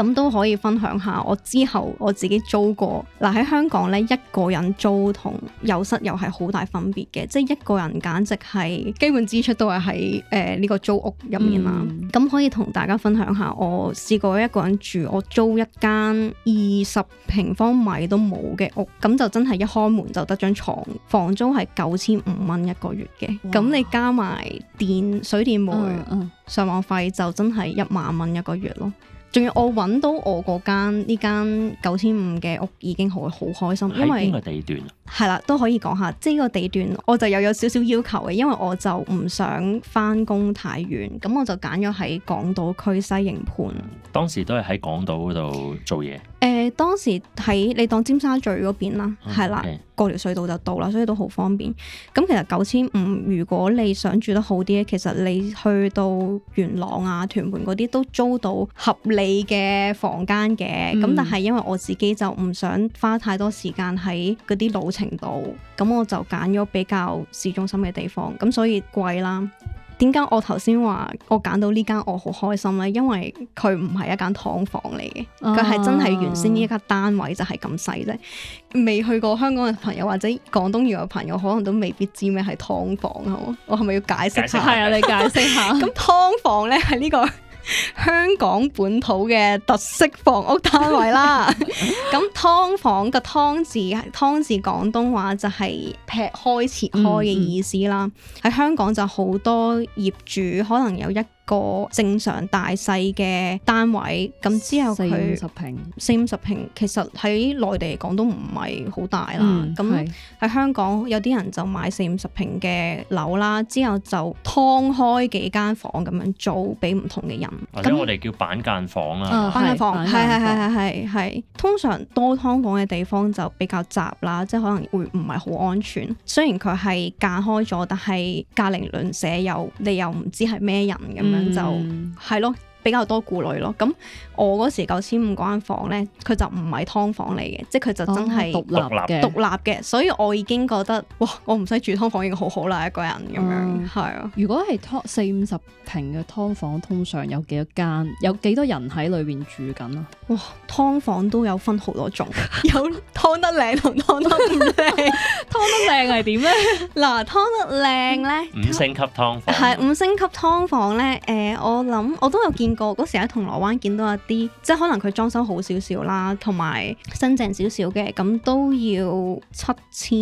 咁都可以分享下，我之後我自己租過嗱喺、啊、香港呢，一個人租同有室友係好大分別嘅，即係一個人簡直係基本支出都係喺誒呢個租屋入面啦。咁、嗯、可以同大家分享下，我試過一個人住，我租一間二十平方米都冇嘅屋，咁就真係一開門就得張床，房租係九千五蚊一個月嘅，咁哇你加埋電、水、電煤、嗯嗯嗯、上網費，就真係一萬蚊一個月咯。仲要我揾到我嗰間呢間九千五嘅屋已經好好開心，因為邊個地段啊？係啦，都可以講下。即係呢個地段，我就又有少少要求嘅，因為我就唔想翻工太遠，咁我就揀咗喺港島區西營盤，嗯。當時都係喺港島嗰度做嘢。誒、呃，當時喺你當尖沙咀嗰邊啦，係啦，嗯 okay。過條隧道就到啦，所以都好方便。咁其實九千五，如果你想住得好啲，其實你去到元朗啊、屯門嗰啲都租到合理嘅房間嘅。咁、嗯、但係因為我自己就唔想花太多時間喺嗰啲老程度，咁我就揀咗比較市中心嘅地方，咁所以貴啦。點解我頭先話我揀到呢間我好開心呢？因為佢唔係一間劏房嚟嘅，佢係真係原先呢一間單位就係咁細啫。未去過香港嘅朋友或者廣東語嘅朋友，可能都未必知咩係劏房啊？我我係咪要解釋下？係 啊，你解釋下。咁劏房呢係呢個。香港本土嘅特色房屋單位啦， 咁㓥房嘅劏字，劏字廣東話就係劈開切開嘅意思啦。喺、嗯、香港就好多業主可能有一。個正常大細嘅單位，咁之後佢四十平，四五十平其實喺內地嚟講都唔係好大啦。咁喺、嗯、香港的有啲人就買四五十平嘅樓啦，之後就劏開幾間房咁樣租俾唔同嘅人。咁我哋叫板間房啊，那嗯、板間房係係係係係，通常多劏房嘅地方就比較雜啦，即係可能會唔係好安全。雖然佢係隔開咗，但係隔離鄰舍又你又唔知係咩人咁樣。嗯嗯。就係咯。比較多顧慮咯，咁我嗰時九千五嗰間房呢，佢就唔係劏房嚟嘅，即係佢就真係獨立嘅，獨立嘅，所以我已經覺得哇，我唔使住劏房已經好好啦，一個人咁樣，係、嗯、啊。如果係四五十平嘅劏房，通常有幾多間？有幾多人喺裏面住緊啊？哇，劏房都有分好多種， 有劏得靚同劏得唔靚，劏 得靚係點呢？嗱， 劏得靚呢，五星級劏房係五星級劏房呢，誒、呃，我諗我都有見。個，嗰時喺銅鑼灣見到一啲，即係可能佢裝修好少少啦，同埋新淨少少嘅，咁都要七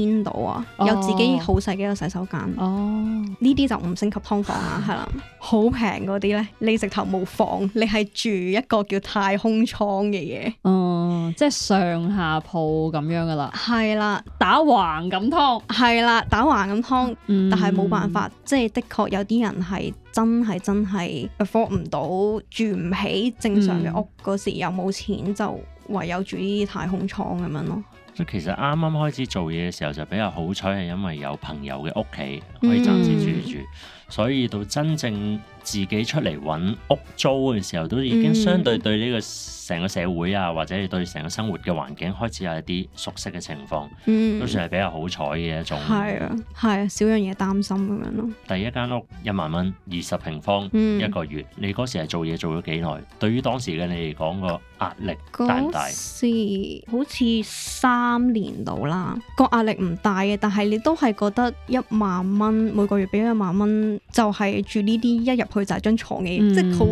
千到啊，有自己好細嘅一個洗手間。哦。哦，呢啲就五星級劏房啊，係啦。 好平嗰啲呢，你直頭冇房，你係住一個叫太空艙嘅嘢，哦、嗯，即係上下鋪咁樣噶啦，係啦的，打橫咁通，係啦、嗯，打橫咁通，但係冇辦法，嗯、即係的確有啲人係真係真係 afford 唔到，嗯、住唔起正常嘅屋，嗰時又冇錢，就唯有住啲太空艙咁樣咯。嗯、其實啱啱開始做嘢嘅時候就比較好彩，係因為有朋友嘅屋企可以暫時住住。嗯所以到真正。自己出嚟揾屋租嘅時候，都已經相對對呢個成個社會啊，嗯、或者你對成個生活嘅環境開始有一啲熟悉嘅情況，嗯，都算係比較好彩嘅一種。係啊，係啊少樣嘢擔心咁樣咯。第一間屋一萬蚊，二十平方一個月，嗯、你嗰時係做嘢做咗幾耐？對於當時嘅你嚟講，個壓力大唔大？好似三年到啦，個壓力唔大嘅，但係你都係覺得一萬蚊每個月俾一萬蚊，就係住呢啲一入佢就係張床嘅，嗯、即係好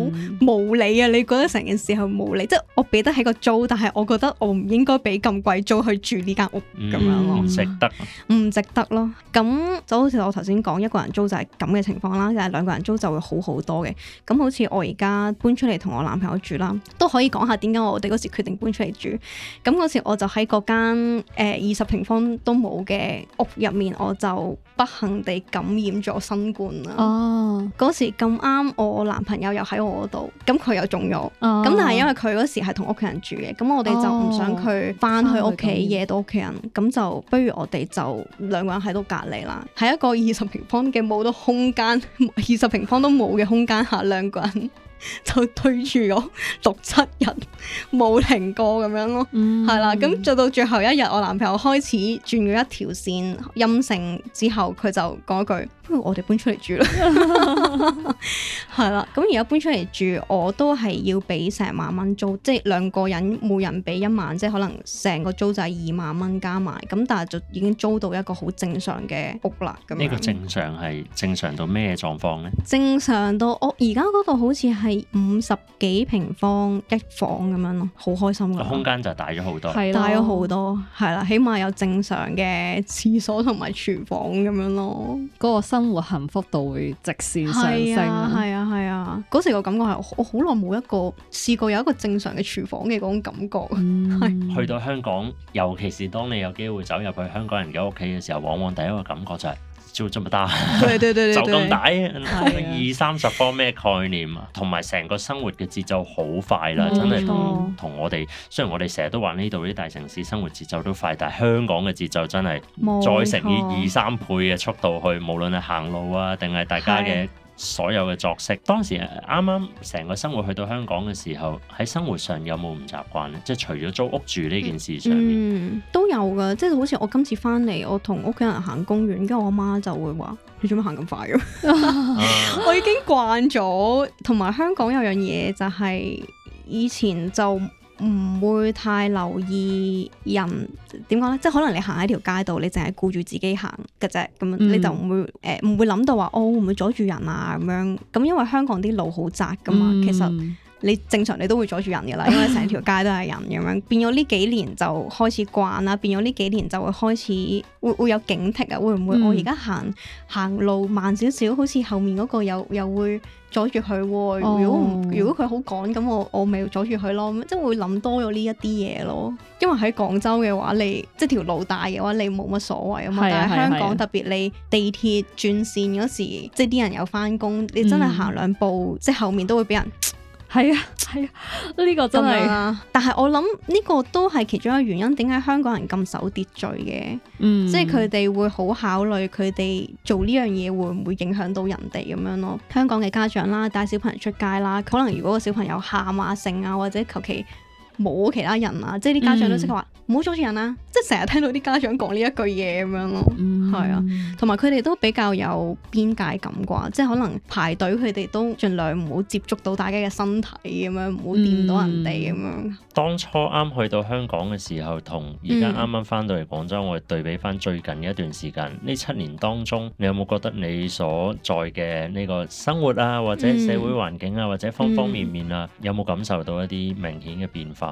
無理啊！你覺得成件事係無理？即係我俾得起個租，但係我覺得我唔應該俾咁貴租去住呢間屋，咁，嗯、樣咯，唔值得，唔值得咯。咁就好似我頭先講一個人租就係咁嘅情況啦，但係兩個人租就會好好多嘅。咁好似我而家搬出嚟同我男朋友住啦，都可以講下點解我哋嗰時決定搬出嚟住。咁嗰時我就喺嗰間誒二十平方都冇嘅屋入面，我就不幸地感染咗新冠啦。哦，嗰時咁啱，我男朋友又喺我度，咁佢又中咗，咁、哦、但係因為佢嗰時係同屋企人住嘅，咁、哦、我哋就唔想佢翻去屋企惹到屋企人，咁就不如我哋就兩個人喺度隔離啦，喺一個二十平方嘅冇得空間，二十平方都冇嘅空間下兩個人。 就對住我六七日冇停過咁樣咯，係啦、嗯，咁做到最後一日，我男朋友開始轉咗一條綫陰性之後，佢就講句不如我哋搬出嚟住啦，係啦， 咁而家搬出嚟住，我都係要俾成萬蚊租，即係兩個人每人俾一萬，即係可能成個租就係二萬蚊加埋，咁但係就已經租到一個好正常嘅屋啦。咁呢個正常係正常到咩狀況呢？正常到我而家嗰個好似係。係五十幾平方一房咁樣咯，好開心噶。空間就大咗好多，大咗好多，係啦，起碼有正常嘅廁所同埋廚房咁樣咯。嗰個生活幸福度會直線上升，係啊，係啊。嗰時個感覺係我好耐冇一個試過有一個正常嘅廚房嘅嗰種感覺，係。嗯。去到香港，尤其是當你有機會走入去香港人嘅屋企嘅時候，往往第一個感覺就係。 就咁大，對對對 二三十方咩概念啊？同埋成個生活嘅節奏好快啦，嗯、真係同我哋。雖然我哋成日都話呢度啲大城市生活節奏都快，但係香港嘅節奏真係再乘以二三倍嘅速度去，無論係行路啊，定係大家嘅。所有嘅作息，當時啱啱成個生活去到香港嘅時候，喺生活上有冇唔習慣咧？即係除咗租屋住呢件事上面、嗯嗯，都有噶。即係好似我今次翻嚟，我同屋企人行公園，跟住我媽就會話：你做咩行咁快啊？ 啊 我已經慣咗，同埋香港有樣嘢就係、是、以前就。唔、嗯、會太留意人點講呢？即係可能你行喺條街度，你淨係顧住自己行㗎啫，咁樣你就唔會誒唔、嗯呃、會諗到話哦會唔會阻住人啊咁樣，咁因為香港啲路好窄噶嘛，嗯、其實。你正常你都會阻住人嘅啦，因為成條街都係人咁樣， 變咗呢幾年就開始慣啦，變咗呢幾年就會開始會會有警惕啊，會唔會、嗯、我而家行行路慢少少，好似後面嗰個又又會阻住佢喎？如果唔，如果佢好趕咁，我我咪阻住佢咯，即係會諗多咗呢一啲嘢咯。因為喺廣州嘅話，你即係條路大嘅話，你冇乜所謂啊嘛。但係香港、啊啊、特別你地鐵轉線嗰時，即係啲人又翻工，你真係行兩步，即係後面都會俾人。係啊，係啊，呢個真係啊。但係我諗呢個都係其中一個原因，點解香港人咁守秩序嘅？嗯，即係佢哋會好考慮佢哋做呢樣嘢會唔會影響到人哋咁樣咯。香港嘅家長啦，帶小朋友出街啦，可能如果個小朋友喊啊、性啊，或者求其。冇其他人啊，即係啲家長都識話唔好阻住人啊，即係成日聽到啲家長講呢一句嘢咁樣咯，係、嗯、啊，同埋佢哋都比較有邊界感啩，即係可能排隊佢哋都盡量唔好接觸到大家嘅身體咁、嗯、樣，唔好掂到人哋咁樣。當初啱去到香港嘅時候，同而家啱啱翻到嚟廣州，我哋對比翻最近嘅一段時間，呢、嗯、七年當中，你有冇覺得你所在嘅呢個生活啊，或者社會環境啊，或者方方面面啊，嗯嗯、有冇感受到一啲明顯嘅變化？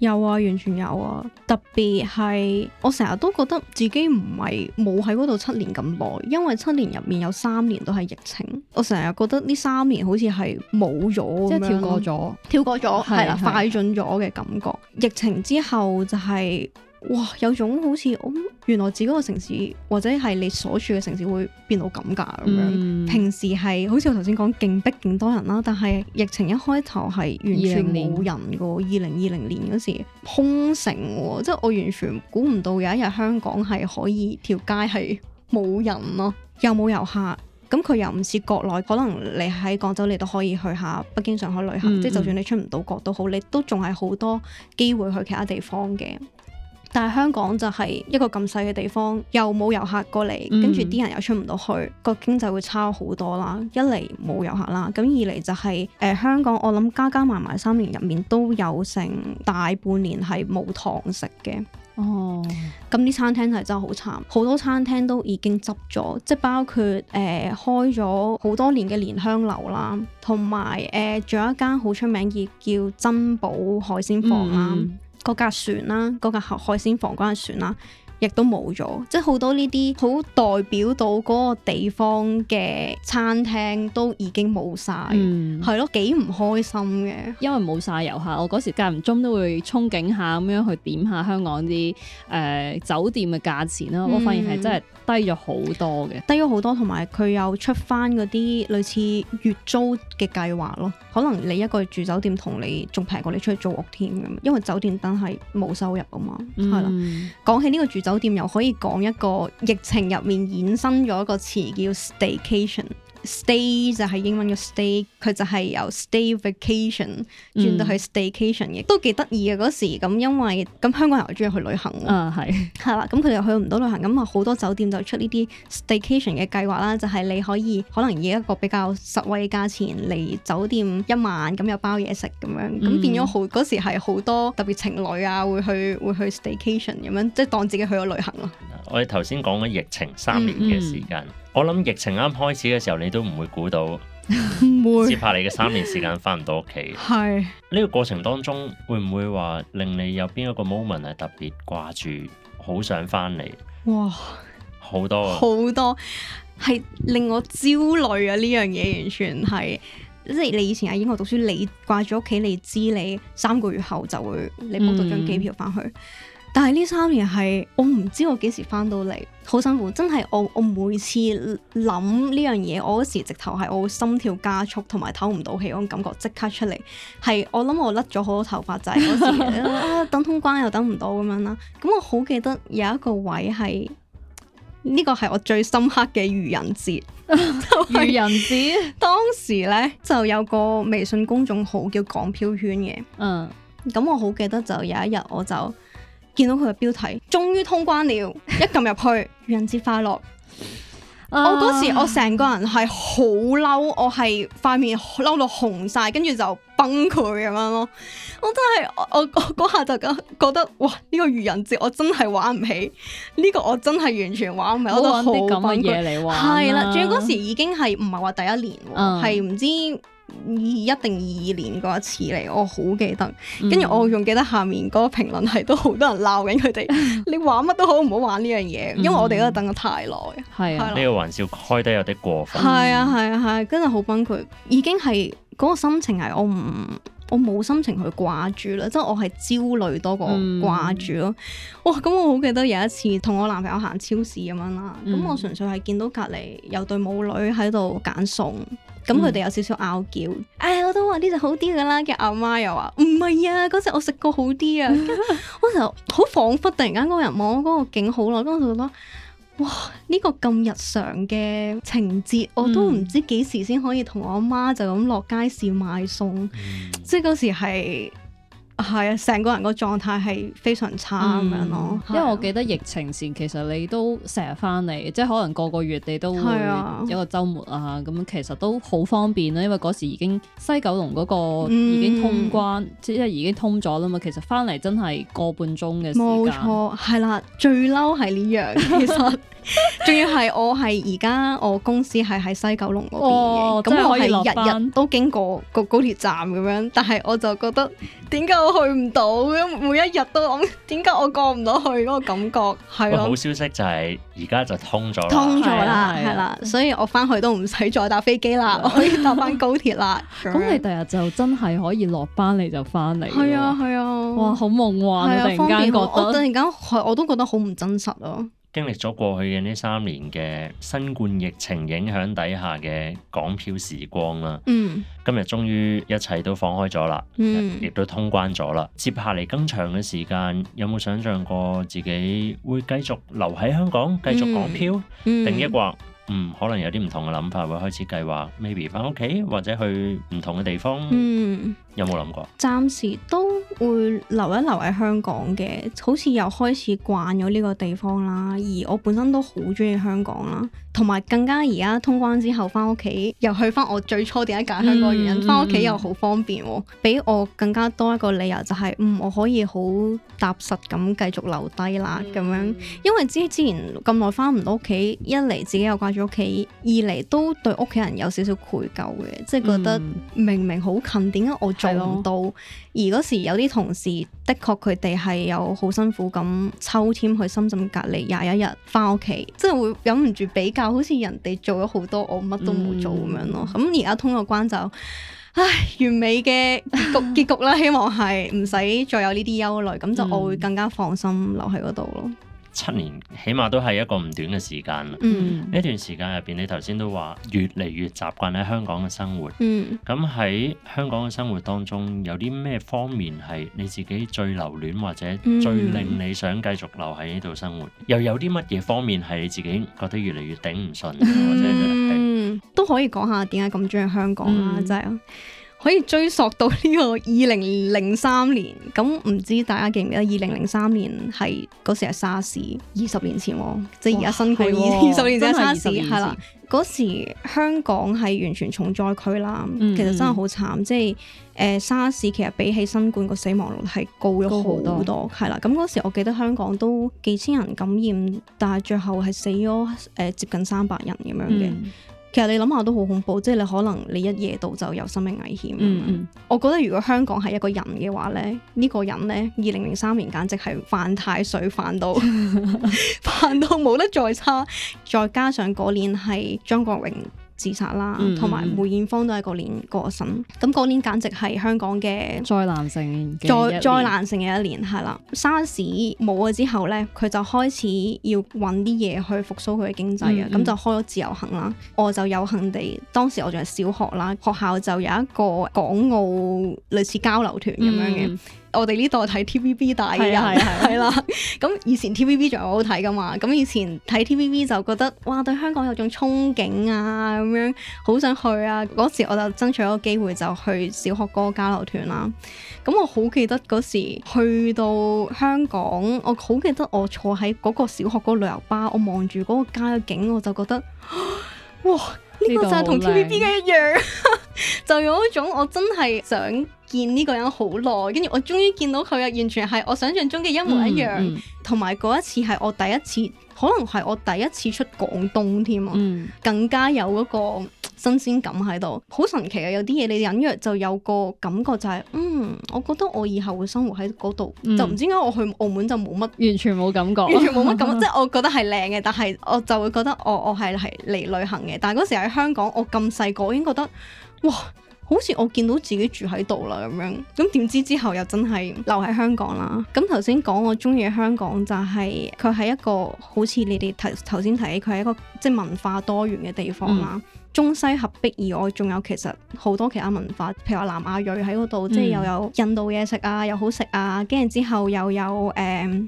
有啊，完全有啊！特別係我成日都覺得自己唔係冇喺嗰度七年咁耐，因為七年入面有三年都係疫情，我成日覺得呢三年好似係冇咗，即係跳過咗，跳過咗，係啦對，快進咗嘅感覺。對對對，疫情之後就係、是。哇，有種好似我原來自己個城市，或者係你所住嘅城市會變到咁㗎咁樣。嗯、平時係好似我頭先講勁逼勁多人啦，但係疫情一開頭係完全冇人嘅。二零二零年嗰時空城、啊，即係我完全估唔到有一日香港係可以條街係冇人咯、啊，又冇遊客。咁佢又唔似國內，可能你喺廣州你都可以去下北京、上海旅行，即係、嗯、就，就算你出唔到國都好，你都仲係好多機會去其他地方嘅。但係香港就係一個咁細嘅地方，又冇遊客過嚟，跟住啲人又出唔到去，個、嗯、經濟會差好多啦。一嚟冇遊客啦，咁二嚟就係、是、誒、呃、香港，我諗加加埋埋三年入面都有成大半年係冇堂食嘅。哦，咁啲餐廳係真係好慘，好多餐廳都已經執咗，即係包括誒、呃、開咗好多年嘅蓮香樓啦，同埋誒仲有一間好出名嘅叫珍寶海鮮舫、嗯、啦。嗰架船啦、啊，嗰架海海鮮房嗰架船啦、啊，亦都冇咗，即係好多呢啲好代表到嗰個地方嘅餐廳都已經冇晒，係咯，幾唔開心嘅。因為冇晒遊客，我嗰時間唔中都會憧憬下咁樣去點下香港啲誒、呃、酒店嘅價錢啦。我發現係真係低咗好多嘅、嗯，低咗好多，同埋佢又出翻嗰啲類似月租嘅計劃咯。可能你一個住酒店同你仲平過你出去租屋添。咁，因為酒店真係冇收入啊嘛，係啦、嗯。講起呢個住酒店，又可以講一個疫情入面衍生咗一個詞叫 staycation。Stay 就係英文嘅 stay，佢就係由 stay vacation 轉到去 staycation 亦都幾得意、嗯、嘅嗰時。咁因為咁香港人又中意去旅行，啊係、嗯，係啦。咁佢哋又去唔到旅行，咁啊好多酒店就出呢啲 staycation 嘅計劃啦，就係、是、你可以可能以一個比較實惠嘅價錢嚟酒店一晚，咁又包嘢食咁樣，咁變咗好嗰時係好多特別情侶啊會去會去 staycation 咁樣，即係當自己去咗旅行咯。我哋頭先講緊疫情三年嘅時間，嗯、我諗疫情啱開始嘅時候，你都唔會估到，接下 會你嘅三年時間翻唔到屋企。係呢是個過程當中，會唔會話令你有邊一個 moment 係特別掛住，好想翻嚟？哇，好多啊，好多係令我焦慮啊！呢樣嘢完全係即係你以前喺英國讀書，你掛住屋企，你知你三個月後就會你 book 到張機票翻去。嗯但係呢三年係我唔知我幾時翻到嚟，好辛苦，真係我我每次諗呢樣嘢，我嗰時直頭係我心跳加速，同埋唞唔到氣嗰種感覺即刻出嚟，係我諗我甩咗好多頭髮仔，就是 啊，等通關又等唔到咁樣啦。咁我好記得有一個位係呢個係我最深刻嘅愚人節，就是， 愚人節節 當時呢就有個微信公眾號叫港漂圈嘅，嗯，咁我好記得就有一日我就。見到佢嘅標題，終於通關了！ 一撳入去，愚人節快樂！我嗰時我成個人係好嬲，我係塊面嬲到紅晒，跟住就崩潰咁樣咯！我真係我我嗰下就覺得哇！呢、這個愚人節我真係玩唔起，呢、這個我真係完全玩唔起，我玩啲咁嘅嘢嚟玩。係啦，仲要嗰時已經係唔係話第一年，係唔、uh. 知。二一定二年嗰一次嚟，我好記得。跟住、嗯、我仲記得下面嗰個評論係都， 都好多人鬧緊佢哋，你玩乜都好唔好玩呢樣嘢，嗯、因為我哋都等咗太耐。係啊，呢個玩笑開得有啲過分。係啊，係啊，係啊，跟住好崩潰，已經係嗰、嗰個心情係，我唔。我冇心情去掛住啦，即係我係焦慮多過掛住咯。嗯、哇！咁我好記得有一次同我男朋友行超市咁樣啦，咁、嗯、我純粹係見到隔離有對母女喺度揀餸，咁佢哋有少少拗撬。唉、嗯哎，我都話呢隻好啲噶啦，嘅阿媽，媽又話唔係啊，嗰隻我食過好啲啊。 我就好恍惚，突然間嗰個人望嗰個景好耐，我就覺得。哇！呢、呢個咁日常嘅情節，嗯、我都唔知幾時先可以同我阿媽就咁落街市買餸，即係嗰時係。係啊，成個人個狀態係非常差咁樣咯。因為我記得疫情前，其實你都成日翻嚟，即係可能個個月你都會一個周末啊咁。其實都好方便啦，因為嗰時已經西九龍嗰個已經通關，嗯、即係已經通咗啦嘛。其實翻嚟真係個半鐘嘅時間。冇錯，係啦，最嬲係呢樣 其實。仲 要係我係而家我公司係喺西九龍嗰邊嘅，咁、哦、我係日日都經過個高鐵站咁樣，但係我就覺得點解我去唔到？每一日都諗，點解我過唔到去嗰個感覺係咯、啊？好消息就係而家就通咗啦，通咗啦，係、啊、啦，啊、所以我翻去都唔使再搭飛機啦，啊、我可以搭翻高鐵啦。咁 樣你第日就真係可以落班你就翻嚟，係啊係啊，啊哇，好夢幻啊！啊突然間覺得便我，我突然間我都覺得好唔真實咯。經歷咗過去嘅呢三年嘅新冠疫情影響底下嘅港漂時光啦，嗯、今日終於一切都放開咗啦，亦、嗯、都通關咗啦。接下嚟，更長嘅時間，有冇想象過自己會繼續留喺香港繼續港漂？嗯嗯、定抑或嗯可能有啲唔同嘅諗法，會開始計劃 maybe 翻屋企，或者去唔同嘅地方。嗯嗯有冇諗過？暫時都會留一留喺香港嘅，好似又開始慣咗呢個地方啦。而我本身都好中意香港啦，同埋更加而家通關之後翻屋企，又去翻我最初點解揀香港原因，翻屋企又好方便，俾我更加多一個理由就係、是，嗯，我可以好踏實咁繼續留低啦，咁、嗯、樣。因為之之前咁耐翻唔到屋企，一嚟自己又掛住屋企，二嚟都對屋企人有少少愧疚嘅，即係覺得明明好近，點解我？係咯，而嗰時有啲同事，的確佢哋係有好辛苦咁，抽籤去深圳隔離廿一日，翻屋企，即係會忍唔住比較，好似人哋做咗好多，我乜都冇做咁、嗯、樣咯。咁而家通過關就，唉，完美嘅局結局啦，希望係唔使再有呢啲憂慮，咁就我會更加放心留喺嗰度咯。七年，起碼都係一個唔短嘅時間啦。呢、嗯、段時間入邊，你頭先都話越嚟越習慣喺香港嘅生活。咁喺、嗯、香港嘅生活當中，有啲咩方面係你自己最留戀，或者最令你想繼續留喺呢度生活？嗯、又有啲乜嘢方面係你自己覺得越嚟越頂唔順？或者就是、嗯，是都可以講下點解咁中意香港啦，真係、嗯。可以追溯到呢個二零零三年，咁唔知大家記唔記得？二零零三年係嗰時係沙士，二十年前喎、啊，即係而家新冠、啊，二十年前係沙士係啦，嗰時香港係完全重災區啦，嗯嗯其實真係好慘，即係誒沙士其實比起新冠個死亡率係高咗好多，係啦。咁嗰時我記得香港都幾千人感染，但係最後係死咗誒、呃、接近三百人咁樣嘅。嗯其實你諗下都好恐怖，即係你可能你一夜到就有生命危險。嗯嗯我覺得如果香港係一個人嘅話咧，呢、這個人呢，二零零三年簡直係犯太歲，犯到 犯到冇得再差，再加上嗰年係張國榮。自殺啦，同埋梅艷芳都係嗰年過身，咁、那、嗰、個、年簡直係香港嘅災難性，災難性嘅一年係啦。沙士冇咗之後呢，佢就開始要揾啲嘢去復甦佢嘅經濟啊，咁、嗯嗯、就開咗自由行啦。我就有幸地，當時我仲係小學啦，學校就有一個港澳類似交流團咁樣嘅。嗯我哋呢代睇 TVB 大啊，係啦、啊，咁 以前 TVB 仲有好睇㗎嘛，咁以前睇 TVB 就覺得哇對香港有種憧憬啊，咁樣好想去啊！嗰時我就爭取一個機會就去小學嗰個交流團啦。咁我好記得嗰時去到香港，我好記得我坐喺嗰個小學個旅遊巴，我望住嗰個街景，我就覺得哇，呢、這個就係同 TVB 嘅一樣， 就有一種我真係想見呢個人好耐，跟住我終於見到佢啊！完全係我想象中嘅一模一樣，同埋嗰一次係我第一次，可能係我第一次出廣東添啊，嗯、更加有嗰個新鮮感喺度，好神奇啊！有啲嘢你隱約就有個感覺、就係，就係嗯，我覺得我以後會生活喺嗰度，嗯、就唔知點解我去澳門就冇乜，完全冇感覺， 完全冇乜感覺，即係 我覺得係靚嘅，但係我就會覺得、哦、我我係係嚟旅行嘅，但係嗰時喺香港，我咁細個已經覺得哇。哇好似我見到自己住喺度啦咁樣，咁點知之後又真係留喺香港啦。咁頭先講我鍾意香港就係佢係一個好似你哋頭頭先提佢係一個即係文化多元嘅地方啦，嗯、中西合璧以外，仲有其實好多其他文化，譬如話南亞裔喺嗰度，嗯、即係又有印度嘢食啊，又好食啊。跟住之後又有誒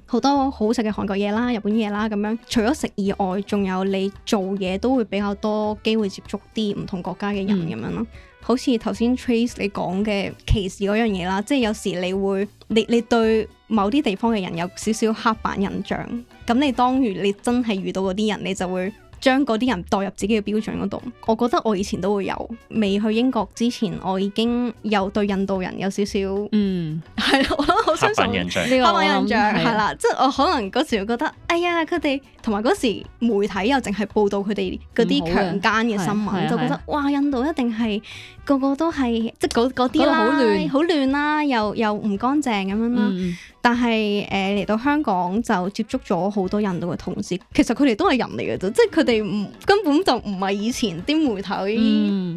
好、呃、多好食嘅韓國嘢啦、日本嘢啦咁樣。除咗食以外，仲有你做嘢都會比較多機會接觸啲唔同國家嘅人咁、嗯、樣咯。好似頭先 Trace 你講嘅歧視嗰樣嘢啦，即係有時你會，你你對某啲地方嘅人有少少刻板印象，咁你當如你真係遇到嗰啲人，你就會，將嗰啲人代入自己嘅標準嗰度，我覺得我以前都會有。未去英國之前，我已經有對印度人有少少，嗯，係咯 說，我都好相信。刻板印象，刻板印象係啦，即係我可能嗰時覺得，哎呀，佢哋同埋嗰時媒體又淨係報道佢哋嗰啲強姦嘅新聞，嗯、就覺得哇，印度一定係個個都係即係嗰嗰啲啦，好亂啦、啊，又又唔乾淨咁樣啦。嗯但係誒嚟到香港就接觸咗好多印度嘅同事，其實佢哋都係人嚟嘅啫，即係佢哋唔根本就唔係以前啲媒體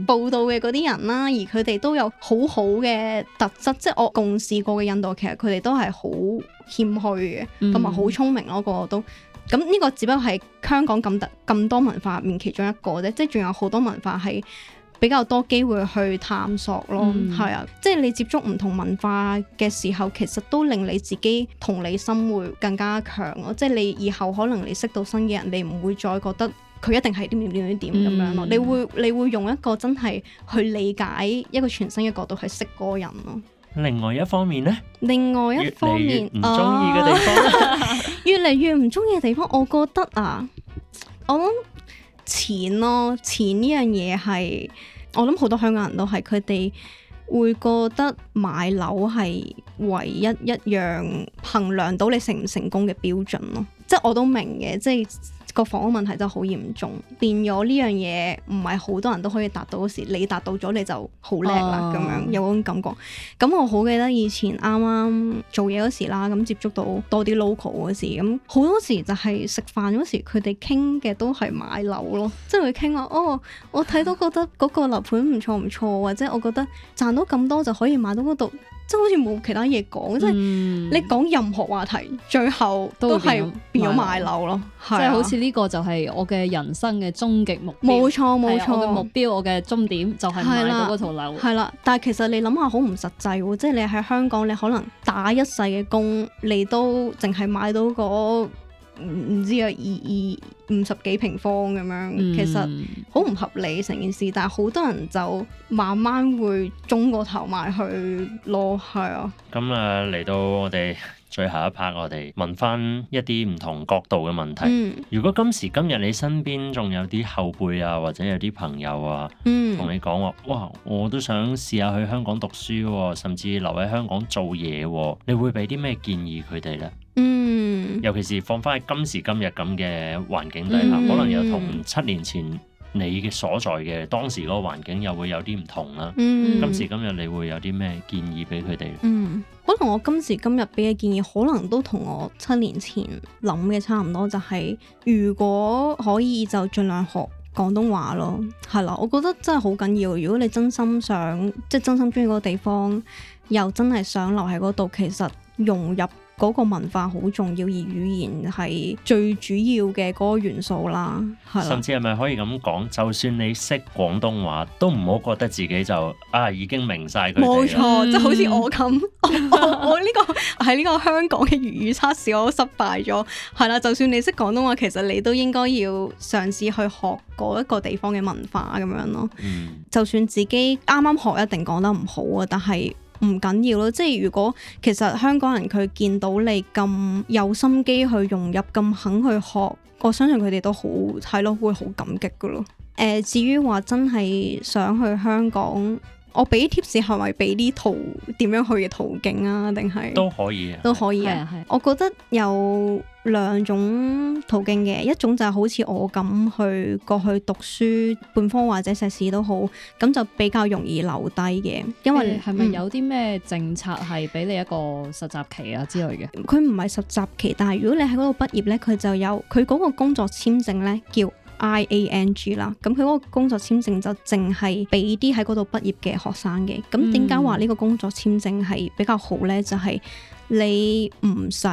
報道嘅嗰啲人啦，嗯、而佢哋都有好好嘅特質，即係我共事過嘅印度，其實佢哋都係好謙虛嘅，同埋好聰明咯，個、嗯、個都。咁呢個只不過係香港咁多咁多文化入面其中一個啫，即係仲有好多文化係。比較多機會去探索咯，係、嗯、啊，即係你接觸唔同文化嘅時候，其實都令你自己同理心會更加強咯。即係你以後可能你識到新嘅人，你唔會再覺得佢一定係點點點點點咁樣咯、嗯。你會你會用一個真係去理解一個全新嘅角度去識個人咯。另外一方面呢？另外一方面唔中意嘅地方、啊， 越嚟越唔中意嘅地方，我覺得啊，我諗。錢咯，錢呢樣嘢係，我諗好多香港人都係佢哋會覺得買樓係唯一一樣衡量到你成唔成功嘅標準咯，即係我都明嘅，即係。個房屋問題真係好嚴重，變咗呢樣嘢唔係好多人都可以達到嗰時，你達到咗你就好叻啦，咁、啊、樣有嗰種感覺。咁我好記得以前啱啱做嘢嗰時啦，咁接觸到多啲 local 嗰時，咁好多時就係食飯嗰時，佢哋傾嘅都係買樓咯， 即係會傾話，哦，我睇到覺得嗰個樓盤唔錯唔錯，或者我覺得賺到咁多就可以買到嗰度。真好似冇其他嘢講，即係、嗯、你講任何話題，最後都係變咗買樓咯。即係買樓、啊、好似呢個就係我嘅人生嘅終極目標。冇錯冇錯，錯目標我嘅終點就係買到套樓。係啦，但係其實你諗下好唔實際喎，即、就、係、是、你喺香港，你可能打一世嘅工，你都淨係買到、那個。唔知啊，二二五十幾平方咁樣，其實好唔合理成件事，但係好多人就慢慢會中個頭埋去咯，係啊。咁啊，嚟到我哋最後一 part，我哋問翻一啲唔同角度嘅問題。如果今時今日你身邊仲有啲後輩啊，或者有啲朋友啊，同你講話，哇，我都想試下去香港讀書，甚至留喺香港做嘢，你會俾啲咩建議佢哋呢？嗯。嗯嗯嗯尤其是放翻喺今時今日咁嘅環境底下，嗯、可能又同七年前你嘅所在嘅當時嗰個環境又會有啲唔同啦。嗯、今時今日你會有啲咩建議俾佢哋？嗯，可能我今時今日俾嘅建議，可能都同我七年前諗嘅差唔多，就係、係、如果可以就盡量學廣東話咯。係啦，我覺得真係好緊要。如果你真心想，即係真心鍾意嗰個地方，又真係想留喺嗰度，其實融入嗰個文化好重要，而語言係最主要嘅嗰個元素啦，係啦。甚至係咪可以咁講？就算你識廣東話，都唔好覺得自己就啊已經明晒佢。冇錯，即係好似我咁、嗯 哦，我呢、呢個喺呢個香港嘅粵語語測試我都失敗咗，係啦。就算你識廣東話，其實你都應該要嘗試去學嗰一個地方嘅文化咁樣咯。嗯、就算自己啱啱學，一定講得唔好啊，但係。唔緊要咯，即係如果其實香港人佢見到你咁有心機去融入，咁肯去學，我相信佢哋都好係咯，會好感激噶咯。呃，至於話真係想去香港。我俾 tips 係咪俾啲途點樣去嘅途徑啊？定係都可以啊，都可以啊。我覺得有兩種途徑嘅，的一種就係好似我咁去過去讀書，本科或者碩士都好，咁就比較容易留低嘅。因為係咪、欸、有啲咩政策係俾你一個實習期啊之類嘅？佢唔係實習期，但係如果你喺嗰度畢業呢，佢就有佢嗰個工作簽證呢，叫。I A N G 啦，咁佢嗰個工作簽證就淨係俾啲喺嗰度畢業嘅學生嘅，咁點解話呢個工作簽證係比較好呢？就係、是。你唔使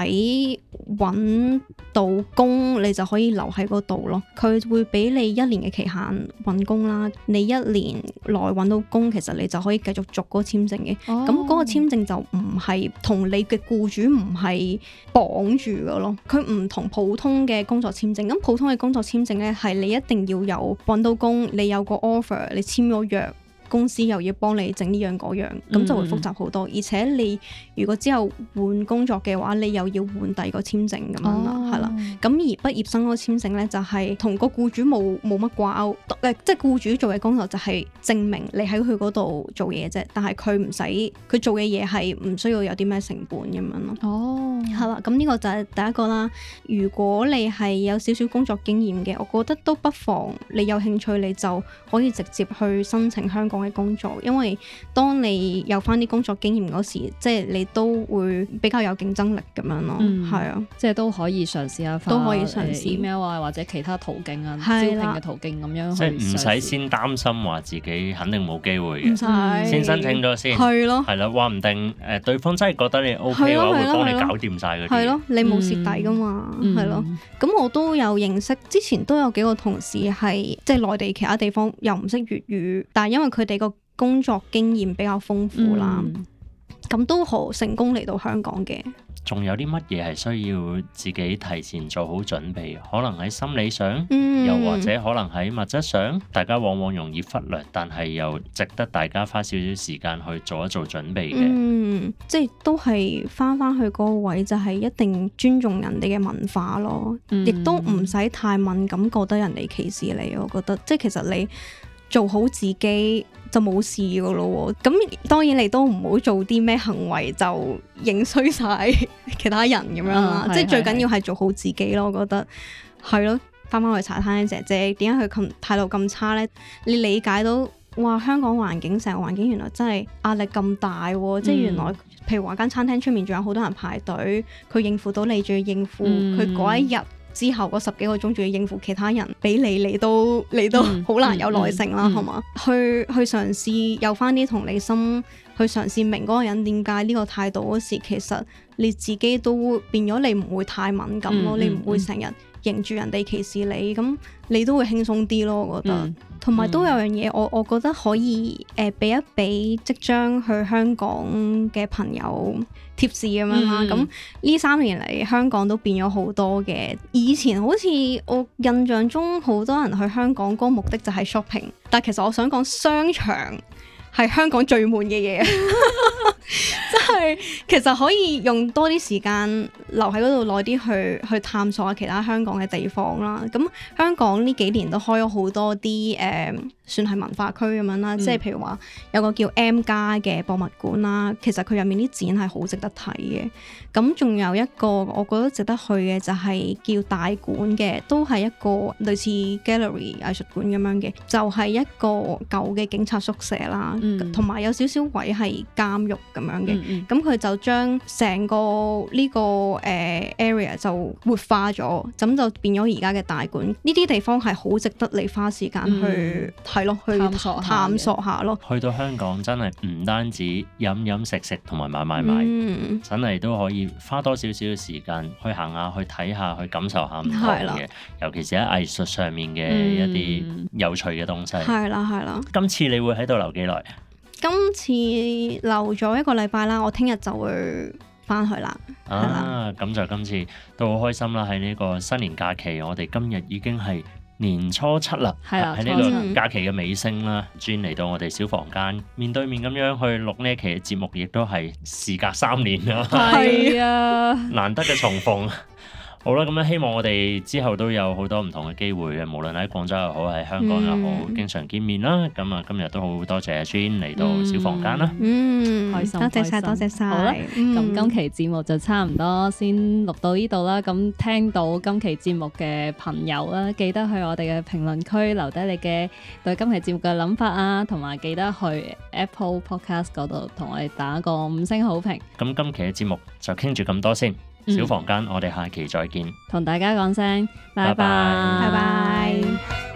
揾到工，你就可以留喺嗰度咯。佢會俾你一年嘅期限揾工啦。你一年內揾到工，其實你就可以繼續續嗰個簽證嘅。咁嗰、哦、個簽證就唔係同你嘅雇主唔係綁住嘅咯。佢唔同普通嘅工作簽證。咁普通嘅工作簽證咧，係你一定要有揾到工，你有個 offer，你簽咗約。公司又要幫你整呢樣嗰樣，咁、嗯、就會複雜好多。而且你如果之後換工作嘅話，你又要換第二個簽證咁樣啦，係啦、哦。咁而畢業生嗰個簽證咧，就係同個僱主冇冇乜掛鈎誒，即係僱主做嘅工作就係證明你喺佢嗰度做嘢啫。但係佢唔使，佢做嘅嘢係唔需要有啲咩成本咁樣咯。哦，係啦。咁呢個就係第一個啦。如果你係有少少工作經驗嘅，我覺得都不妨你有興趣，你就可以直接去申請香港，工作，因為當你有翻啲工作經驗嗰時，即係你都會比較有競爭力咁樣咯。係啊，即係都可以嘗試下，都可以 email 啊，或者其他途徑啊，招聘嘅途徑咁樣。即係唔使先擔心話自己肯定冇機會嘅，先申請咗先。係咯，係咯，話唔定誒，對方真係覺得你 O K 咯，話，會幫你搞掂晒佢，係咯，你冇蝕底噶嘛，係咯。咁我都有認識，之前都有幾個同事係即係內地其他地方又唔識粵語，但係因為佢。哋個工作經驗比較豐富啦，咁都、嗯、好成功嚟到香港嘅。仲有啲乜嘢係需要自己提前做好準備？可能喺心理上，嗯、又或者可能喺物質上，大家往往容易忽略，但係又值得大家花少少時間去做一做準備嘅。嗯，即係都係翻翻去嗰個位，就係一定尊重人哋嘅文化咯。亦、嗯、都唔使太敏感，覺得人哋歧視你。我覺得，即係其實你做好自己。就冇事㗎咯喎，咁當然你都唔好做啲咩行為就影衰晒其他人咁樣啦，嗯、即係最緊要係做好自己咯。我覺得係咯，翻返、嗯、對去茶餐廳姐姐點解佢咁態度咁差呢？你理解到哇，香港環境成個環境原來真係壓力咁大，即係原來、嗯、譬如話間餐廳出面仲有好多人排隊，佢應付到你仲要應付佢嗰一日。嗯之後嗰十幾個鐘仲要應付其他人，俾你你都你都好難有耐性啦，係嘛？嗯嗯嗯。去去嘗試有翻啲同理心，去嘗試明嗰個人點解呢個態度嗰時，其實你自己都變咗，你唔會太敏感咯，嗯嗯、你唔會成日迎住人哋歧視你，咁你都會輕鬆啲咯。我覺得，同埋、嗯嗯、都有樣嘢，我我覺得可以誒，俾、呃、一俾即將去香港嘅朋友。貼士咁樣啦，咁呢、嗯、哼三年嚟香港都變咗好多嘅。以前好似我印象中好多人去香港、嗰個目的就係 shopping，但其實我想講商場係香港最悶嘅嘢。 即係 其實可以用多啲時間留喺嗰度耐啲去去探索下其他香港嘅地方啦。咁香港呢幾年都開咗好多啲誒、呃，算係文化區咁樣啦。即係譬如話有個叫 M+ 嘅博物館啦，其實佢入面啲展係好值得睇嘅。咁仲有一個我覺得值得去嘅就係叫大館嘅，都係一個類似 gallery 藝術館咁樣嘅，就係、是、一個舊嘅警察宿舍啦，同埋、嗯、有少少位係監獄。咁樣嘅，咁佢就將成個呢個誒 area 就活化咗，咁就變咗而家嘅大館。呢啲地方係好值得你花時間去係咯，去探索下咯。去到香港真係唔單止飲飲食食同埋買買買，真係都可以花多少少嘅時間去行下、去睇下、去感受下唔同嘅，尤其是喺藝術上面嘅一啲有趣嘅東西。係啦，係啦。今次你會喺度留幾耐？今次留咗一個禮拜啦，我聽日就會翻去啦、啊、係啦。啊，咁就今次都好開心啦！喺呢個新年假期，我哋今日已經係年初七啦，係啊，喺呢個假期嘅尾聲啦，嗯、轉嚟到我哋小房間，面對面咁樣去錄呢一期嘅節目，亦都係時隔三年啦，係啊， 難得嘅重逢。 好啦，咁樣希望我哋之後都有好多唔同嘅機會嘅，無論喺廣州又好，喺香港又好，經常見面啦。咁啊，今日都好多謝阿 Jean 嚟到小房間啦。嗯，開心，多謝晒，多謝晒。好啦，咁今期節目就差唔多先錄到呢度啦。咁聽到今期節目嘅朋友啦，記得去我哋嘅評論區留低你嘅對今期節目嘅諗法啊，同埋記得去 Apple Podcast 嗰度同我哋打個五星好評。咁今期嘅節目就傾住咁多先。小房間，我哋下期再見。同，嗯，大家講聲，拜拜，拜拜。拜拜，拜拜。